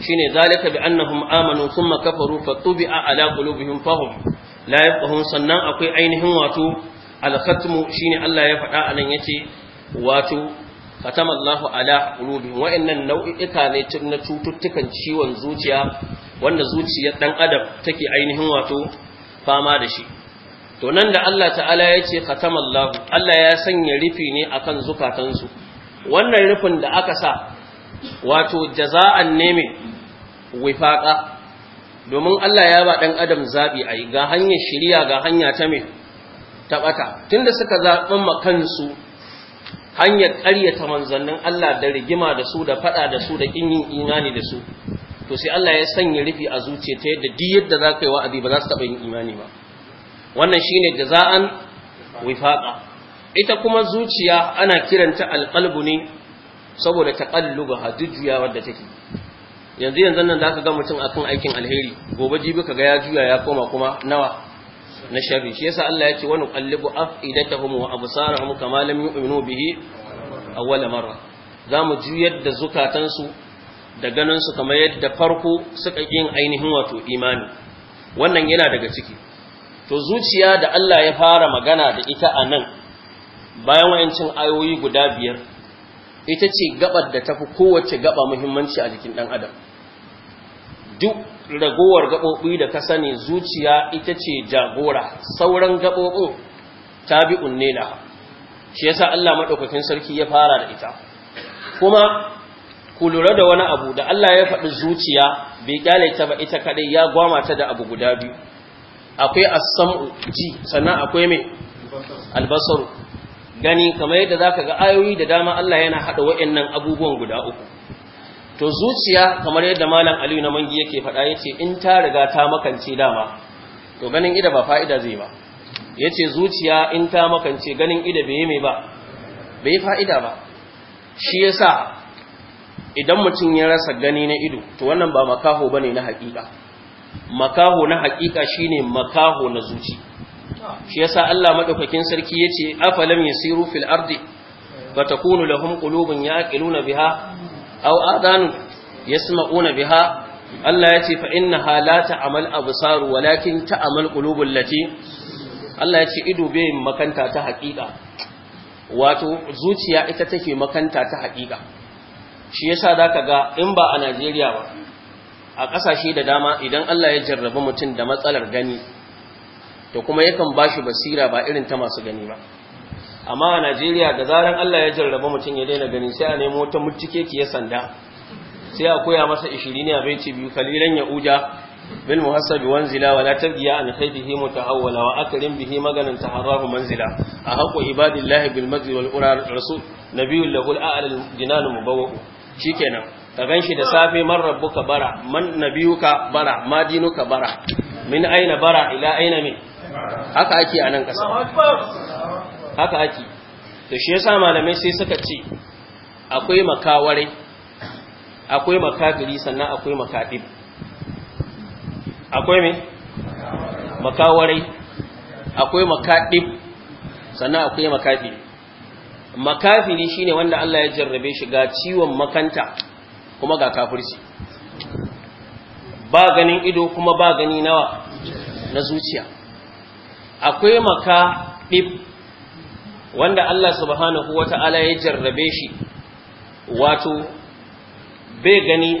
shine zalika bi annahum amanu thumma kafaru fatubi'a ala qulubihim fahum la yafqahun sannan akwai ainihin wato al-khatmu shine Allah ya faɗa anan yace wato katama Allahu ala qulubihim wa'annan nau'ika ne na cututtukan ciwon zuciya wanda zuciyar dan adam take ainihin wato fama da shi to nan da Allah ta'ala yace ce Allahu Allah ya sanya rufi ne akan zukatansu wannan rufin da aka sa wato jaza'an ne wifaƙa domin Allah ya ba ɗan adam zaɓi a yi, ga hanyar shirya ga hanya ta mai ta tun tunda suka zaɓin makansu hanyar ƙaryata manzannin Allah da rigima da su da fada da su da kin yin imani da su to sai Allah ya sanya rufi a zuciya ta yadda duk yadda za ka yi wa'azi ba za su taɓa yin imani ba wannan shi shine jaza'an wifaƙa ita kuma zuciya ana kiranta alƙalbu ne saboda ta taqalluba hadujuya wadda take yanzu yanzu nan aka ga mutum akan aikin alheri gobe jibi ka ya juya ya koma kuma nawa na sharri shi yasa Allah ya ce wa nuqallibu afidatahum wa absarahum kama lam yu'minu bihi mara. marra mu juyar da zukatansu da ganin su kamar yadda farko suka yin ainihin wato imani wannan yana daga ciki to zuciya da Allah ya fara magana da ita a nan bayan wayancin ayoyi guda biyar ita ce gabar da tafi kowace gaba muhimmanci a jikin ɗan adam duk ragowar gaɓoɓi da ka sani zuciya ita ce jagora sauran gaɓoɓin tabi'un ne na shi yasa Allah maɗaukakin sarki ya fara da ita kuma ku lura da wani abu da Allah ya faɗi zuciya bai kyale ta ba ita kaɗai ya gwama ta da abu guda biyu akwai as-sam'u ji sannan akwai mai albasaru gani kamar yadda zaka ga ayoyi da dama Allah yana haɗa wa'annan abubuwan guda uku to zuciya kamar yadda malam aliyu na mangi yake faɗa ya ce in ta riga ta makance dama to ganin ida ba fa'ida zai ba ya ce zuciya in ta makance ganin ida bai yi mai ba bai fa'ida ba shi ya sa idan mutum ya rasa gani na ido to wannan ba makaho ba ne na haƙiƙa makaho na haƙiƙa shi ne makaho na zuci shi ya sa allah maɗaukakin sarki ya ce afalam ya siru fil ardi ba ta kunu lahum ƙulubin ya ƙiluna biha aw adanu yasma'una biha Allah yace, fa inna halata ta'mal absar walakin ta'mal qulubul lati Allah yace, ido bai makanta ta haƙiƙa wato zuciya ita take makanta ta haƙiƙa shi yasa zaka ga in ba a Najeriya ba a ƙasashe da dama idan Allah ya jarrabi mutum da matsalar gani to kuma yakan bashi basira ba irin ta masu gani ba amma a Najeriya da zaran Allah ya jarraba mutum ya daina gani sai a nemo wata mutike ki ya sanda sai a koya masa 20 ne a baiti biyu kalilan ya uja bil muhassabi wanzila wa la tabghiya an khaydihi mutahawwala wa akrim bihi maganan taharrahu manzila a haqu ibadillahi bil majdi wal ura rasul nabiyul lahul a'la jinan mubawwa shikenan ka ganshi da safe man rabbuka bara man nabiyuka bara madinuka, bara min aina bara ila aina min haka ake a nan kasa haka ake to shi yasa malamai sai suka ce akwai makaware akwai makafiri sannan akwai makadib akwai me makaware akwai makadib sannan akwai makafiri makafiri shine wanda Allah ya jarrabe shi ga ciwon makanta kuma ga kafirci ba ganin ido kuma ba gani nawa na zuciya akwai makadib wanda Allah subhanahu Ta'ala ya jarrabe shi wato bai gani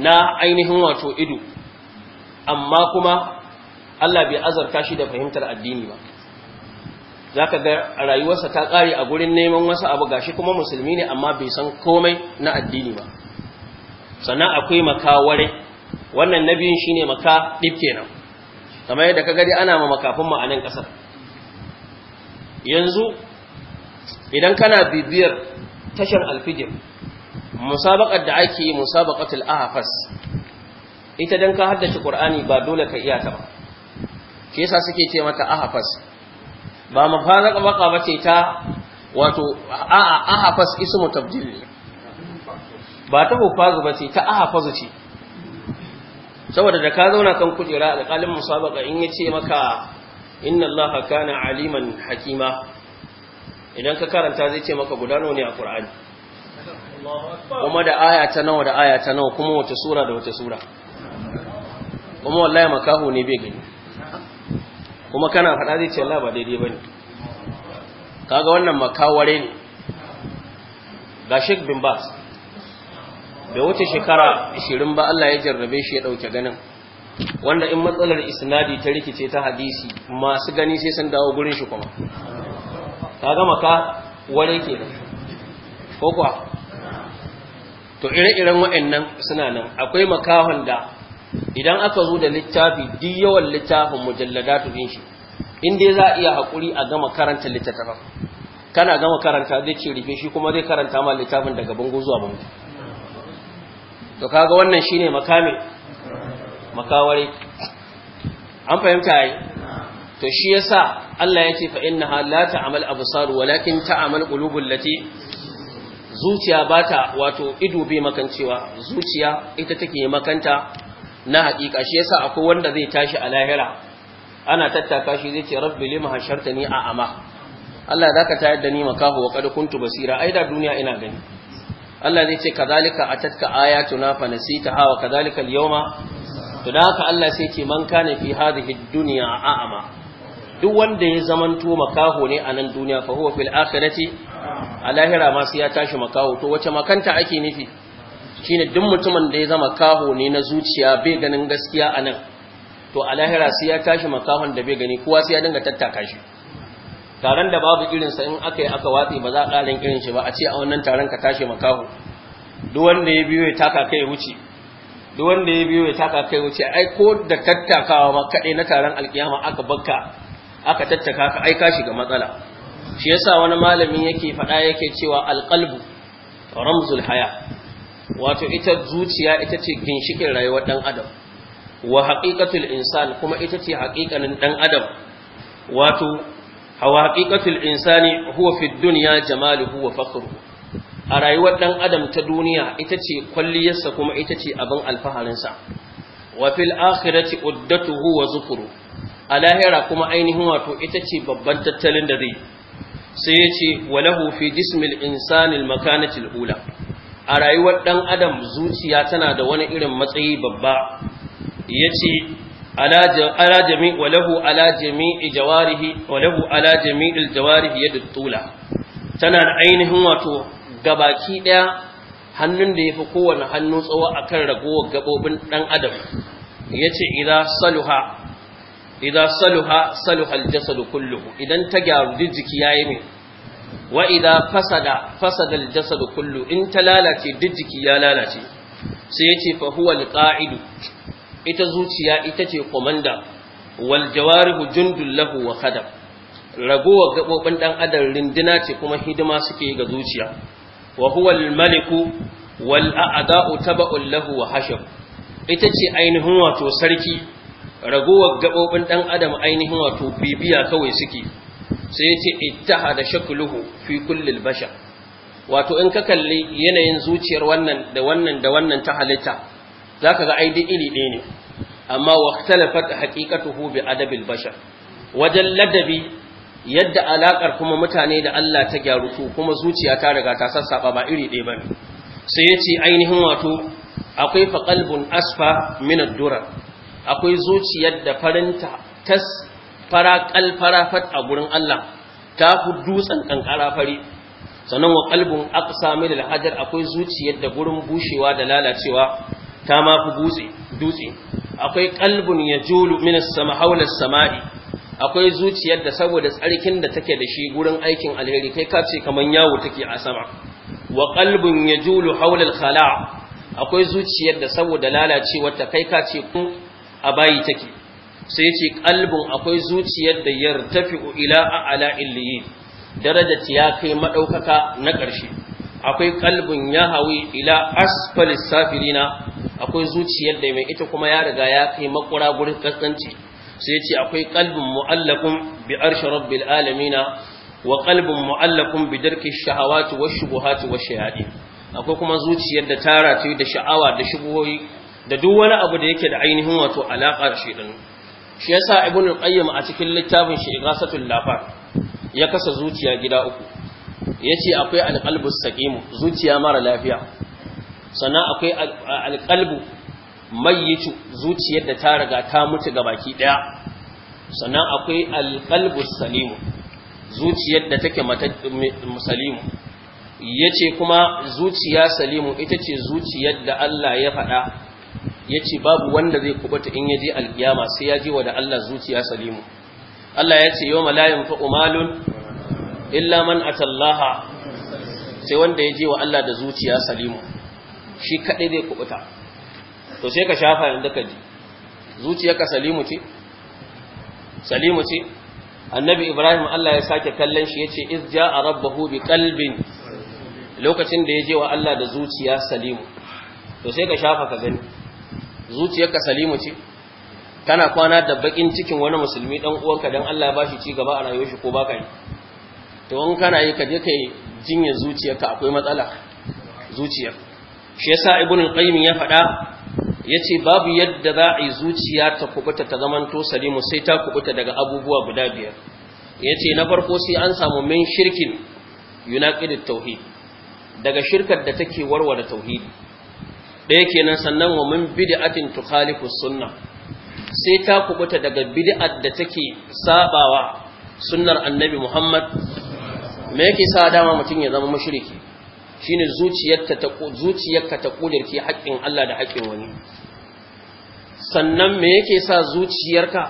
na ainihin wato ido amma kuma Allah bai azarta shi da fahimtar addini ba za ka ga rayuwarsa ta ƙare a gurin neman wasu abu gashi kuma musulmi ne amma bai san komai na addini ba sannan akwai makaware wannan na biyun shine maka ɗif kenan kamar yadda ka gadi ana ma makafin ma'anin ƙasar yanzu idan kana bibiyar tashar alfijir musabakar da ake yi musabaqatul ahfas ita don ka haddace qur'ani ba dole ka iya ta ba ke sa suke ce mata ahafas ba mafaraka baka ce ta wato a'a ahfas isu tabdil ne ba ta hufazu ce ta ahfazu ce saboda da ka zauna kan kujera alƙalin musabaka in ce maka inna Allah kana aliman hakima idan ka karanta zai ce maka gudano ne a qur'ani kuma da aya ta nawa da aya ta nawa kuma wata sura da wata sura kuma wallahi makaho ne bai gani kuma kana faɗa zai ce Allah ba daidai bane kaga wannan makaware ne ga Sheikh bin Bas bai wuce shekara 20 ba Allah ya jarrabe shi ya dauke ganin wanda in matsalar isnadi ta rikice ta hadisi masu gani sai sun dawo gurin shi kuma ka gama ka wani ke nan ko kuwa to ire-iren nan suna nan akwai makahon da idan aka zo da littafi duk yawan littafin ta bin shi in dai za a iya haƙuri a gama karanta littattafan kana gama karanta zai ce rufe shi kuma zai karanta ma littafin daga bango zuwa bango to kaga wannan shine makamin makawari an fahimta yi to shi yasa Allah ya ce na halata la abu absar walakin ta'mal qulubul lati zuciya ta wato ido bai makancewa zuciya ita take makanta na haƙiƙa shi sa akwai wanda zai tashi a lahira ana tattaka shi zai ce rabbi lima ni a ama Allah ka tayar da ni makahu wa qad kuntu basira ai da duniya ina gani Allah zai ce kazalika atatka ayatuna fa nasitaha wa kadhalika al-yawma to da haka Allah sai ce man kana fi hadhihi dunya a'ama duk wanda ya to makaho ne a nan duniya fa huwa fil akhirati a lahira ma sai ya tashi makaho to wace makanta ake nufi shine duk mutumin da ya zama kaho ne na zuciya bai ganin gaskiya a nan to a lahira sai ya tashi makahon da bai gani kowa sai ya dinga tattaka shi taron da babu irinsa in aka yi aka watsi ba za a ƙarin irin shi ba a ce a wannan taron ka tashi makaho duk wanda ya biyo ya taka kai ya wuce duk wanda ya biyo ya taka kai wuce ai ko da tattakawa ma kade na taron alkiyama aka bakka aka tattaka ka ai ka shiga matsala shi yasa wani malami yake faɗa yake cewa alqalbu ramzul haya wato ita zuciya ita ce ginshikin rayuwar ɗan adam wa haqiqatul insan kuma ita ce haqiqanin dan adam wato hawa haqiqatul insani huwa fid dunya jamaluhu wa fakhruhu a rayuwar ɗan adam ta duniya ita ce kwalliyarsa kuma ita ce abin alfaharinsa wa fil akhirati uddatuhu wa zukuru a lahira kuma ainihin wato ita ce babban tattalin da zai sai ya ce walahu fi jismil insanil makanatil ula a rayuwar ɗan adam zuciya tana da wani irin matsayi babba ya ce walahu ala jami'i jawarihi walahu ala jami'il jawarihi ya tula tana da ainihin wato gabaki ɗaya hannun da ya fi kowane hannu tsawo a kan ragowar gabobin ɗan adam ya ce idan saluha saluhal jasadu kullum, idan ta gyaru jiki ya yi ne wa idan fasada fasadal jasadu kullu in ta lalace jiki ya lalace sai ya ce fahuwal ƙa'idu ita zuciya ita ce komanda wal jawarihu jundun lahu wa khadab ragowar gabobin ɗan adam rindina ce kuma hidima suke ga zuciya wa huwa al-maliku wal a'da'u taba'un lahu wa ita ce ainihin wato sarki ragowar gabobin dan adam ainihin wato bibiya kawai suke sai yace da shakluhu fi kulli al wato in ka kalli yanayin zuciyar wannan da wannan da wannan ta halitta zaka ga aidi iri ɗaya ne amma waqtalafat haqiqatuhu bi adabil bashar wajen ladabi yadda alakar kuma mutane da Allah ta gyaru ko kuma zuciya ta riga ta sassaba ba iri ɗaya bane sai yace ainihin wato akwai fa qalbun asfa min ad-dura akwai zuciyar da farinta tas fara fat a gurin Allah ta fi dutsen kankara fari sannan wa qalbun aqsa min al-hajar akwai zuciyar da gurin bushewa da lalacewa ta ma fi dutse akwai qalbun yajulu min as-sama as-sama'i akwai zuciyar da saboda tsarkin da take da shi gurin aikin alheri kai ka ce kaman yawo take a sama wa qalbun yajulu hawla al-khala akwai zuciyar da saboda lalacewar ta kai ka ce ku a bayi take sai yace qalbun akwai zuciyar da yartafi'u ila a'la daraja ta ya kai madaukaka na ƙarshe akwai qalbun hawi ila asfalis safilina akwai zuciyar da mai ita kuma ya riga ya kai makura gurin kaskanci sai ce akwai kalbin mu'allakun bi arshi rabbil alamina wa kalbin mu'allakun bi darki shahawati wash shubuhati wash shayatin akwai kuma zuciyar da tara ta da sha'awa da shubuhoyi da duk wani abu da yake da ainihin wato alaka da shedan shi yasa ibn al-qayyim a cikin littafin shi igasatul lafar ya kasa zuciya gida uku yace akwai al-qalbus saqim zuciya mara lafiya sannan akwai al-qalbu mayyitu zuciyar da ta riga ta mutu ga baki daya sannan akwai alqalbus salimu zuciyar da take salimu yace kuma zuciya salimu ita ce zuciyar da Allah ya faɗa yace babu wanda zai kubuta in yaje alkiyama sai ya ji wa da Allah zuciya salimu Allah yace yau la fa umalun illa man atallaha sai wanda ya je wa Allah da zuciya salimu shi kaɗai zai kubuta to sai ka shafa inda ka ji zuciyarka salimu ce salimu ce annabi ibrahim Allah ya sake kallon shi yace iz jaa rabbahu bi qalbin lokacin da ya je wa Allah da zuciya salimu to sai ka shafa ka gani zuciyarka salimu ce kana kwana da bakin cikin wani musulmi dan uwanka dan Allah ya bashi ci gaba a rayuwar shi ko baka yi to in kana yi ka je kai jinya zuciyarka akwai matsala zuciyar shi yasa ibnu al-qayyim ya faɗa yace babu yadda za a yi zuciya ta kubuta ta zamanto salimu sai ta kubuta daga abubuwa guda biyar yace na farko sai an samu min shirkin yunaqid tauhid daga shirkar da take warware tauhidi ɗaya kenan sannan wa min bid'atin tukhalifu sunna sai ta kubuta daga bid'at da take sabawa sunnar annabi Muhammad me yake sa dama mutum ya zama mushriki shine zuciyarka ta zuciyarka ta kudirki haƙƙin Allah da haƙƙin wani sannan me yake sa zuciyarka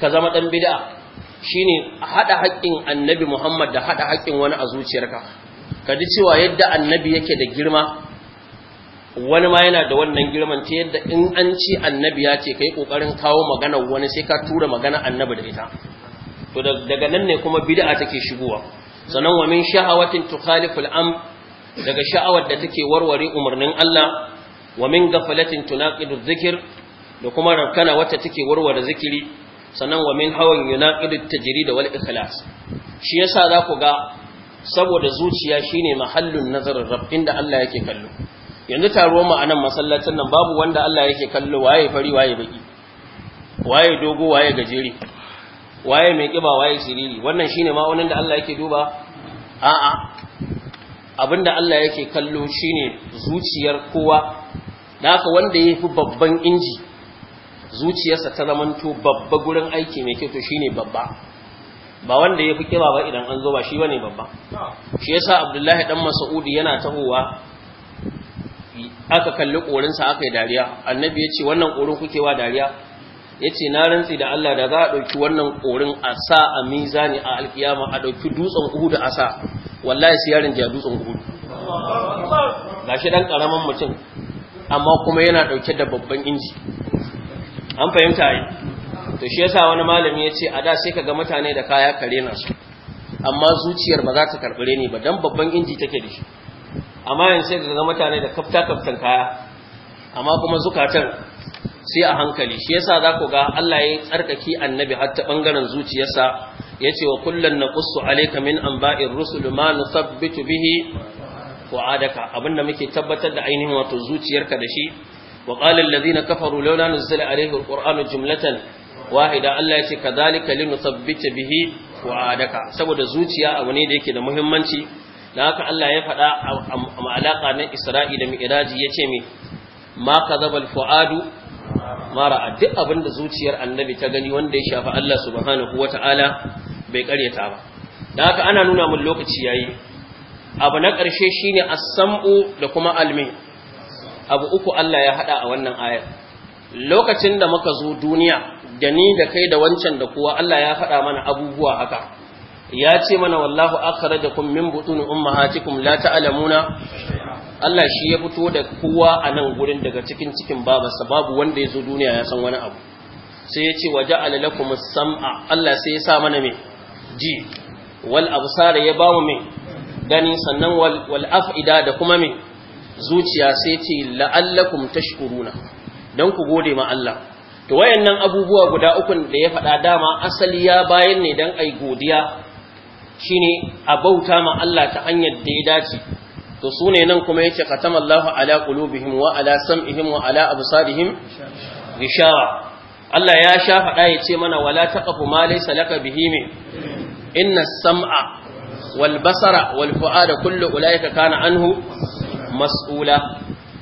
ka zama dan bid'a shine hada haƙƙin annabi Muhammad da hada haƙƙin wani a zuciyarka ka ji cewa yadda annabi yake da girma wani ma yana da wannan girman ta yadda in an ci annabi ya ce kai kokarin kawo magana wani sai ka tura magana annabi da ita to daga nan ne kuma bid'a take shigowa sannan wa min shahawatin tukhaliful amr daga sha'awar da take warware umarnin Allah wa min gafalatin tunaqidu dhikr da kuma rankana wacce take warware zikiri sannan wa min hawan yunaqidu tajrid wal ikhlas shi yasa za ku ga saboda zuciya shine mahallun nazarin rabb inda Allah yake kallo yanzu taruwar mu anan masallacin nan babu wanda Allah yake kallo waye fari waye baki waye dogo waye gajeri, waye mai kiba waye siriri wannan shine ma'aunin da Allah yake duba a'a abinda Allah yake kallo shine zuciyar kowa da haka wanda ya fi babban inji zuciyarsa ta zamanto babba gurin aiki mai kyau shi shine babba ba wanda ya fi kira ba idan an zo ba shi bane babba shi yasa Abdullahi dan Masa'udu yana tahowa aka kalli ƙorinsa aka yi dariya annabi ya ce wannan korin kuke wa dariya ya ce na rantsi da Allah da za a ɗauki wannan ƙorin a sa a mizani a alkiyama a ɗauki dutsen uhu da a sa wallahi sai yarin ya dutsen gudu gashi dan karaman mutum amma kuma yana dauke da babban inji an fahimta ai to shi yasa wani malami yace a da sai kaga mutane da kaya kare na su amma zuciyar ba za ta karbure ni ba dan babban inji take da shi amma yanzu sai kaga mutane da kafta kaftan kaya amma kuma zukatan sai a hankali shi yasa za ku ga Allah ya tsarkake annabi har ta bangaren zuciyarsa yace wa kullun naqussu alayka min anba'ir rusul ma nusabbitu bihi fu'adaka abinda muke tabbatar da ainihin wato zuciyarka da shi wa qala alladhina kafaru laula nuzila alayhi alqur'anu jumlatan wahida Allah yace kadhalika linusabbita bihi fu'adaka saboda zuciya abu ne da yake da muhimmanci dan haka Allah ya faɗa a alaka na Isra'i da Mi'raji yace me ma kadhaba alfu'adu mara duk abinda zuciyar annabi ta gani wanda ya shafi Allah subhanahu wata'ala bai karyata ba da haka ana nuna mun lokaci yayi abu na ƙarshe shine as-sam'u da kuma almi abu uku Allah ya hada a wannan ayar lokacin da muka zo duniya da ni da kai da wancan da kowa Allah ya faɗa mana abubuwa haka ya ce mana wallahu akhrajakum min butun ummahatikum la ta'lamuna Allah shi ya fito da kowa a nan gurin daga cikin cikin babarsa babu wanda ya zo duniya ya san wani abu sai ya ce waje as sam'a Allah sai ya sa mana me ji wal absar ya ba mu min gani sannan wal af'ida da kuma min zuciya sai ce la'allakum tashkuruna dan ku gode ma Allah to wayannan abubuwa guda uku da ya faɗa dama asali ya bayan ne dan ai godiya shine a bauta ma Allah ta hanyar da ya dace to sune nan kuma yace khatamallahu ala qulubihim wa ala sam'ihim wa ala absarihim gishawa Allah ya sha faɗa ya ce mana wala taqafu ma laysa laka bihi inna sam'a wal basara wal fu'ada kullu ulaika kana anhu mas'ula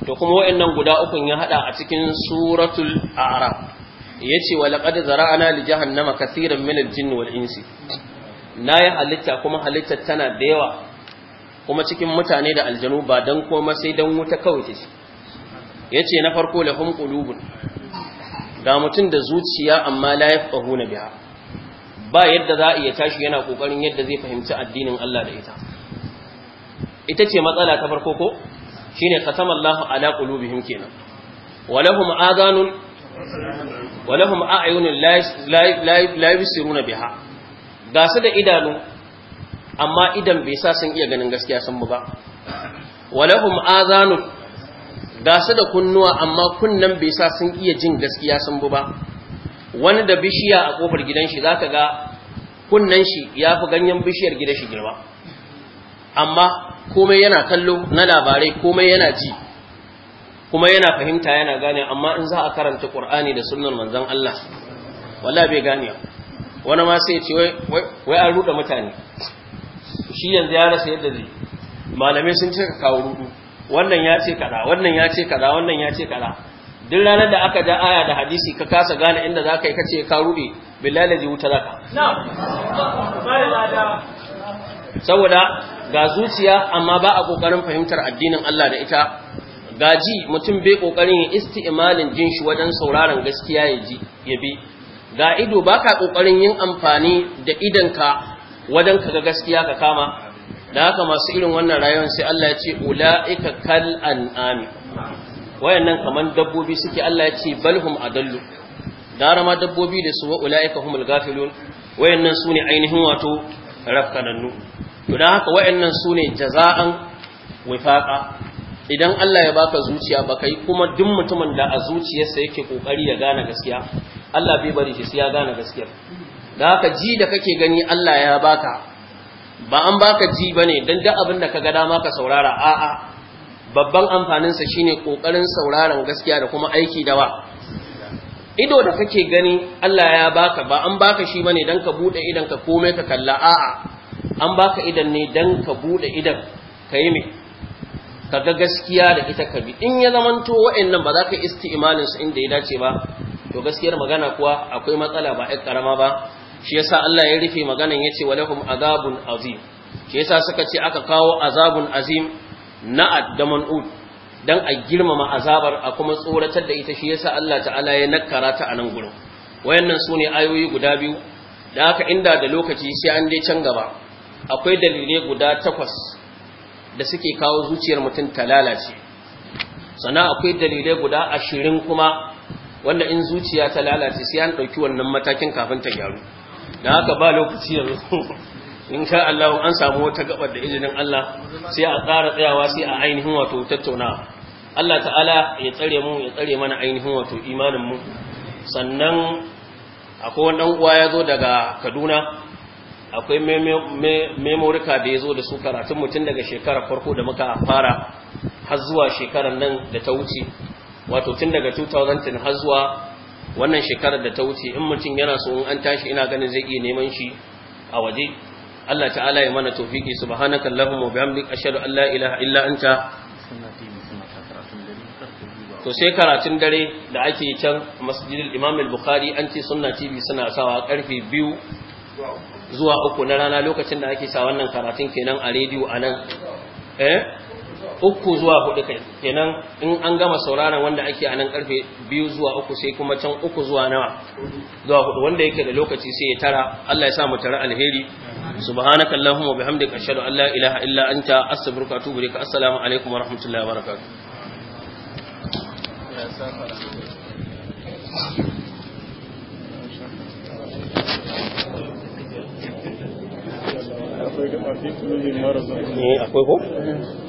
to kuma wayannan guda ukun ya hada a cikin suratul a'raf yace wa laqad zara'ana li jahannama kaseeran min al-jinni wal insi nayi halitta kuma halitta tana da yawa kuma cikin mutane da aljanu ba dan koma sai dan wuta kawai ce yace na farko lahum qulubun da mutun da zuciya amma la yafqahuna biha ba yadda za a iya tashi yana kokarin yadda zai fahimci addinin Allah da ita ita ce matsala ta farko ko shine qasama Allahu ala qulubihim kenan walahum adanun walahum a'yunun la yusiruna biha ga su da idanu amma idan bai sa sun iya ganin gaskiya sun ba walahum azanun ga su da kunnuwa amma kunnan bai sa sun iya jin gaskiya sun ba wani da bishiya a kofar gidan shi za ka ga kunnan shi ya fi ganyen bishiyar gidan shi girma amma komai yana kallo na labarai komai yana ji kuma yana fahimta yana gane amma in za a karanta Qur'ani da sunan manzan Allah wala bai gane wani ma sai ce wai an ruɗa mutane shi yanzu ya rasa yadda zai malamai sun ce ka kawo rudu wannan ya ce kaza wannan ya ce kaza wannan ya ce kaza duk ranar da aka ja aya da hadisi ka kasa gane inda za ka yi kace ka rube billahi da wuta zaka saboda ga zuciya amma ba a kokarin fahimtar addinin Allah da ita gaji mutum bai kokarin ya isti'malin jin shi wajen sauraron gaskiya ya ji ya bi ga ido baka kokarin yin amfani da idanka wajen ka ga gaskiya ka kama da haka masu irin wannan rayuwar sai Allah ya ce ula'ika kal an'ami wayannan kamar dabbobi suke Allah ya ce balhum adallu gara ma dabbobi da su wa ulaika humul gafilun wayannan sune ainihin wato rafkanannu to dan haka wayannan sune jaza'an wifaqa idan Allah ya baka zuciya baka yi kuma duk mutumin da a zuciyarsa yake kokari ya gane gaskiya Allah bai bari shi sai ya gane gaskiya da haka ji da kake gani Allah ya baka ba an baka ji bane dan duk abin da ka ga dama ka saurara a'a babban amfaninsa shine kokarin sauraron gaskiya da kuma aiki da wa ido da kake gani Allah ya baka ba an baka shi bane dan ka bude idan ka komai ka kalla a'a an baka idan ne dan ka bude idan yi me ga gaskiya da ita ka bi in ya zamanto wa'annan ba za ka isti'malin su inda ya dace ba to gaskiyar magana kuwa akwai matsala ba ai karama ba shi yasa Allah ya rufe maganan yace walahum azabun azim shi yasa suka ce aka kawo azabun azim na'ad da man'ud dan a girmama azabar a kuma tsoratar da ita shi yasa Allah ta'ala ya nakkara ta a nan gurin wayannan sune ayoyi guda biyu da haka inda da lokaci sai an dai can gaba akwai dalilai guda takwas da suke kawo zuciyar mutum ta lalace sannan akwai dalilai guda ashirin kuma wanda in zuciya ta lalace sai an ɗauki wannan matakin kafin ta gyaru da haka ba lokaci yanzu in sha Allah an samu wata gabar da izinin Allah sai a ƙara tsayawa sai a ainihin wato tattauna. Allah ta'ala ya tsare mu ya tsare mana ainihin wato imanin mu sannan akwai wani uwa ya zo daga Kaduna akwai memorika da ya zo da su karatun mutum daga shekarar farko da muka fara har zuwa shekarar nan da ta wuce wato tun daga 2010 har zuwa wannan shekarar da ta wuce in mutum yana so in an tashi ina ganin zai iya neman shi a waje Allah ta'ala ya mana tawfiki subhanaka allahumma wa bihamdika ashhadu an la ilaha illa anta to sai karatun dare da ake can masjidil imam al-bukhari an ce sunna tv suna sawa karfe biyu zuwa uku na rana lokacin da ake sa wannan karatun kenan a rediyo anan eh uku zuwa hudu kai kenan in an gama sauraron wanda ake a nan karfe biyu zuwa uku sai kuma can uku zuwa nawa zuwa hudu wanda yake da lokaci sai ya tara Allah ya sa mu tara alheri subhanaka allahumma bihamdika ashhadu an la ilaha illa anta astaghfiruka wa atubu ilaik assalamu alaikum wa rahmatullahi wa barakatuh akwai eh, ko